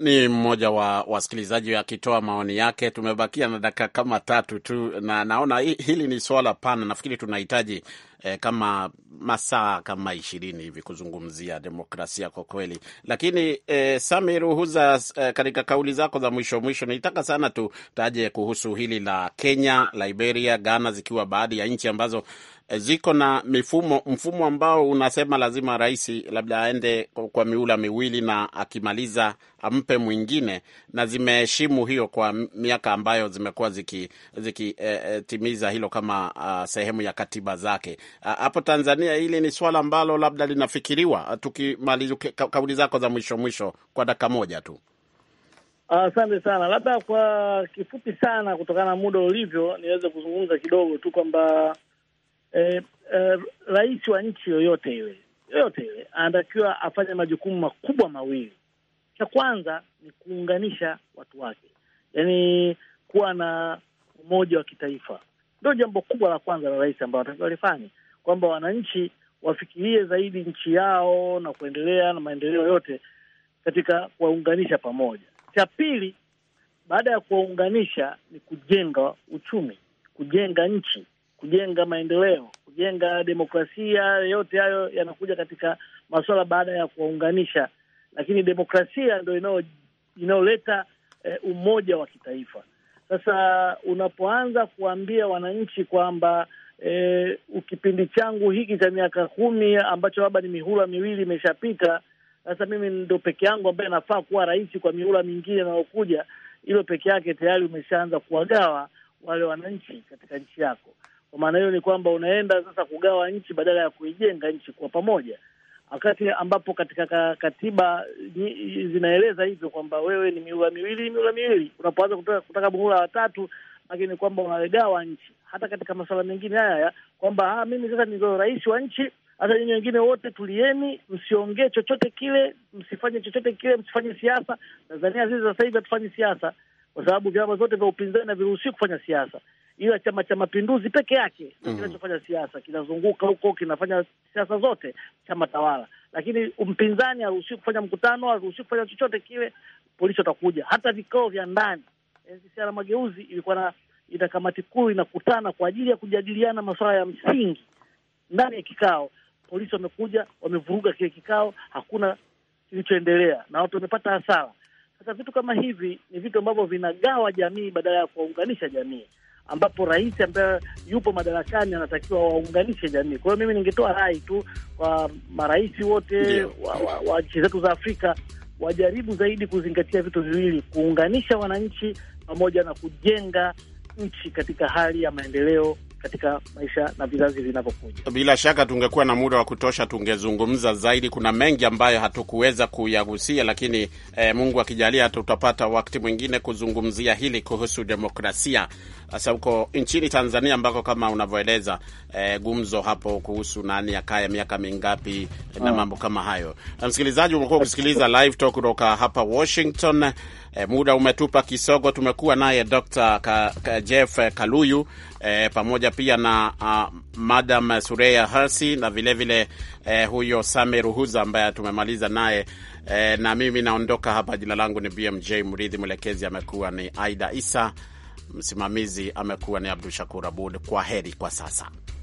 ni mmoja wa wasikilizaji akitoa maoni yake. Tumebakia na dakika kama tatu tu, na naona hili ni swala pana, nafikiri tunahitaji eh, kama masaa kama ishirini hivi kuzungumzia demokrasia kwa kweli. Lakini eh, Samir Huza, eh, katika kauli zako za mwisho mwisho, nitaka sana tutaje kuhusu hili la Kenya, Liberia, Ghana zikiwa baadhi ya nchi ambazo eh, ziko na mifumo mfumo ambao unasema lazima rais labda aende kwa miula miwili na akimaliza ampe mwingine, na zimeheshimu hiyo kwa miaka ambayo zimekuwa zikitimiza ziki, eh, eh hilo kama uh, sehemu ya katiba zake hapo Tanzania hili ni swala ambalo labda linafikiriwa? Tukimaliza kauli zako za mwisho mwisho kwa dakika moja tu. Asante uh, sana. Labda kwa kifupi sana, kutokana na muda ulivyo, niweze kuzungumza kidogo tu kwamba eh, eh, rais wa nchi yoyote ile yoyote ile anatakiwa afanye majukumu makubwa mawili. Cha kwanza ni kuunganisha watu wake, yaani kuwa na umoja wa kitaifa. Ndio jambo kubwa la kwanza la rais ambao anatakiwa alifanye, kwamba wananchi wafikirie zaidi nchi yao na kuendelea na maendeleo yote katika kuwaunganisha pamoja. Cha pili, baada ya kuwaunganisha ni kujenga uchumi, kujenga nchi, kujenga maendeleo, kujenga demokrasia. Yote hayo yanakuja katika masuala baada ya kuwaunganisha, lakini demokrasia ndo inayoleta eh, umoja wa kitaifa. Sasa unapoanza kuambia wananchi kwamba e, kipindi changu hiki cha miaka kumi ambacho labda ni mihula miwili imeshapita, sasa mimi ndo peke yangu ambaye nafaa kuwa rais kwa mihula mingine inayokuja, hilo peke yake tayari umeshaanza kuwagawa wale wananchi katika nchi yako. Kwa maana hiyo ni kwamba unaenda sasa kugawa nchi badala ya kuijenga nchi kwa pamoja wakati ambapo katika katiba zinaeleza hivyo kwamba wewe ni miula miwili, miula miwili. Unapoanza kutaka, kutaka muhula watatu, lakini kwamba unawegawa nchi. Hata katika masuala mengine haya kwamba ah, mimi sasa ndio rais wa nchi, hata nyinyi wengine wote tulieni, msiongee chochote kile, msifanye chochote kile, msifanye siasa. Tanzania sisi sasa hivi hatufanyi siasa, kwa sababu vyama vyote vya upinzani haviruhusiwi kufanya siasa ila Chama cha Mapinduzi peke yake mm kinachofanya siasa, kinazunguka huko, kinafanya siasa zote chama tawala, lakini mpinzani haruhusi kufanya mkutano, haruhusi kufanya chochote kile. Polisi watakuja, hata vikao vya ndani. NCCR Mageuzi ilikuwa na ina kamati kuu inakutana kwa ajili ya kujadiliana masuala ya msingi ndani ya kikao. Polisi wamekuja wamevuruga kile kikao, hakuna kilichoendelea na watu wamepata hasara. Sasa vitu kama hivi ni vitu ambavyo vinagawa jamii badala ya kuwaunganisha jamii ambapo rais ambaye yupo madarakani anatakiwa waunganishe jamii. Kwa hiyo mimi ningetoa rai tu kwa marais wote yeah, wa, wa nchi zetu za Afrika wajaribu zaidi kuzingatia vitu viwili, kuunganisha wananchi pamoja na kujenga nchi katika hali ya maendeleo katika maisha na vizazi vinavyokuja. Bila shaka tungekuwa na muda wa kutosha, tungezungumza zaidi. Kuna mengi ambayo hatukuweza kuyagusia, lakini eh, Mungu akijalia wa tutapata wakati mwingine kuzungumzia hili kuhusu demokrasia, hasa huko nchini Tanzania ambako kama unavyoeleza eh, gumzo hapo kuhusu nani akaye miaka mingapi hmm, na ah. mambo kama hayo. Na msikilizaji, umekuwa ukisikiliza Live Talk kutoka hapa Washington. E, muda umetupa kisogo. Tumekuwa naye Dr. Jeff Kaluyu e, pamoja pia na uh, Madam Sureya Hasi na vilevile vile, e, huyo Same Ruhuza ambaye tumemaliza naye e, na mimi naondoka hapa. Jina langu ni BMJ Mridhi, mwelekezi amekuwa ni Aida Isa, msimamizi amekuwa ni Abdu Shakur Abud. Kwa heri kwa sasa.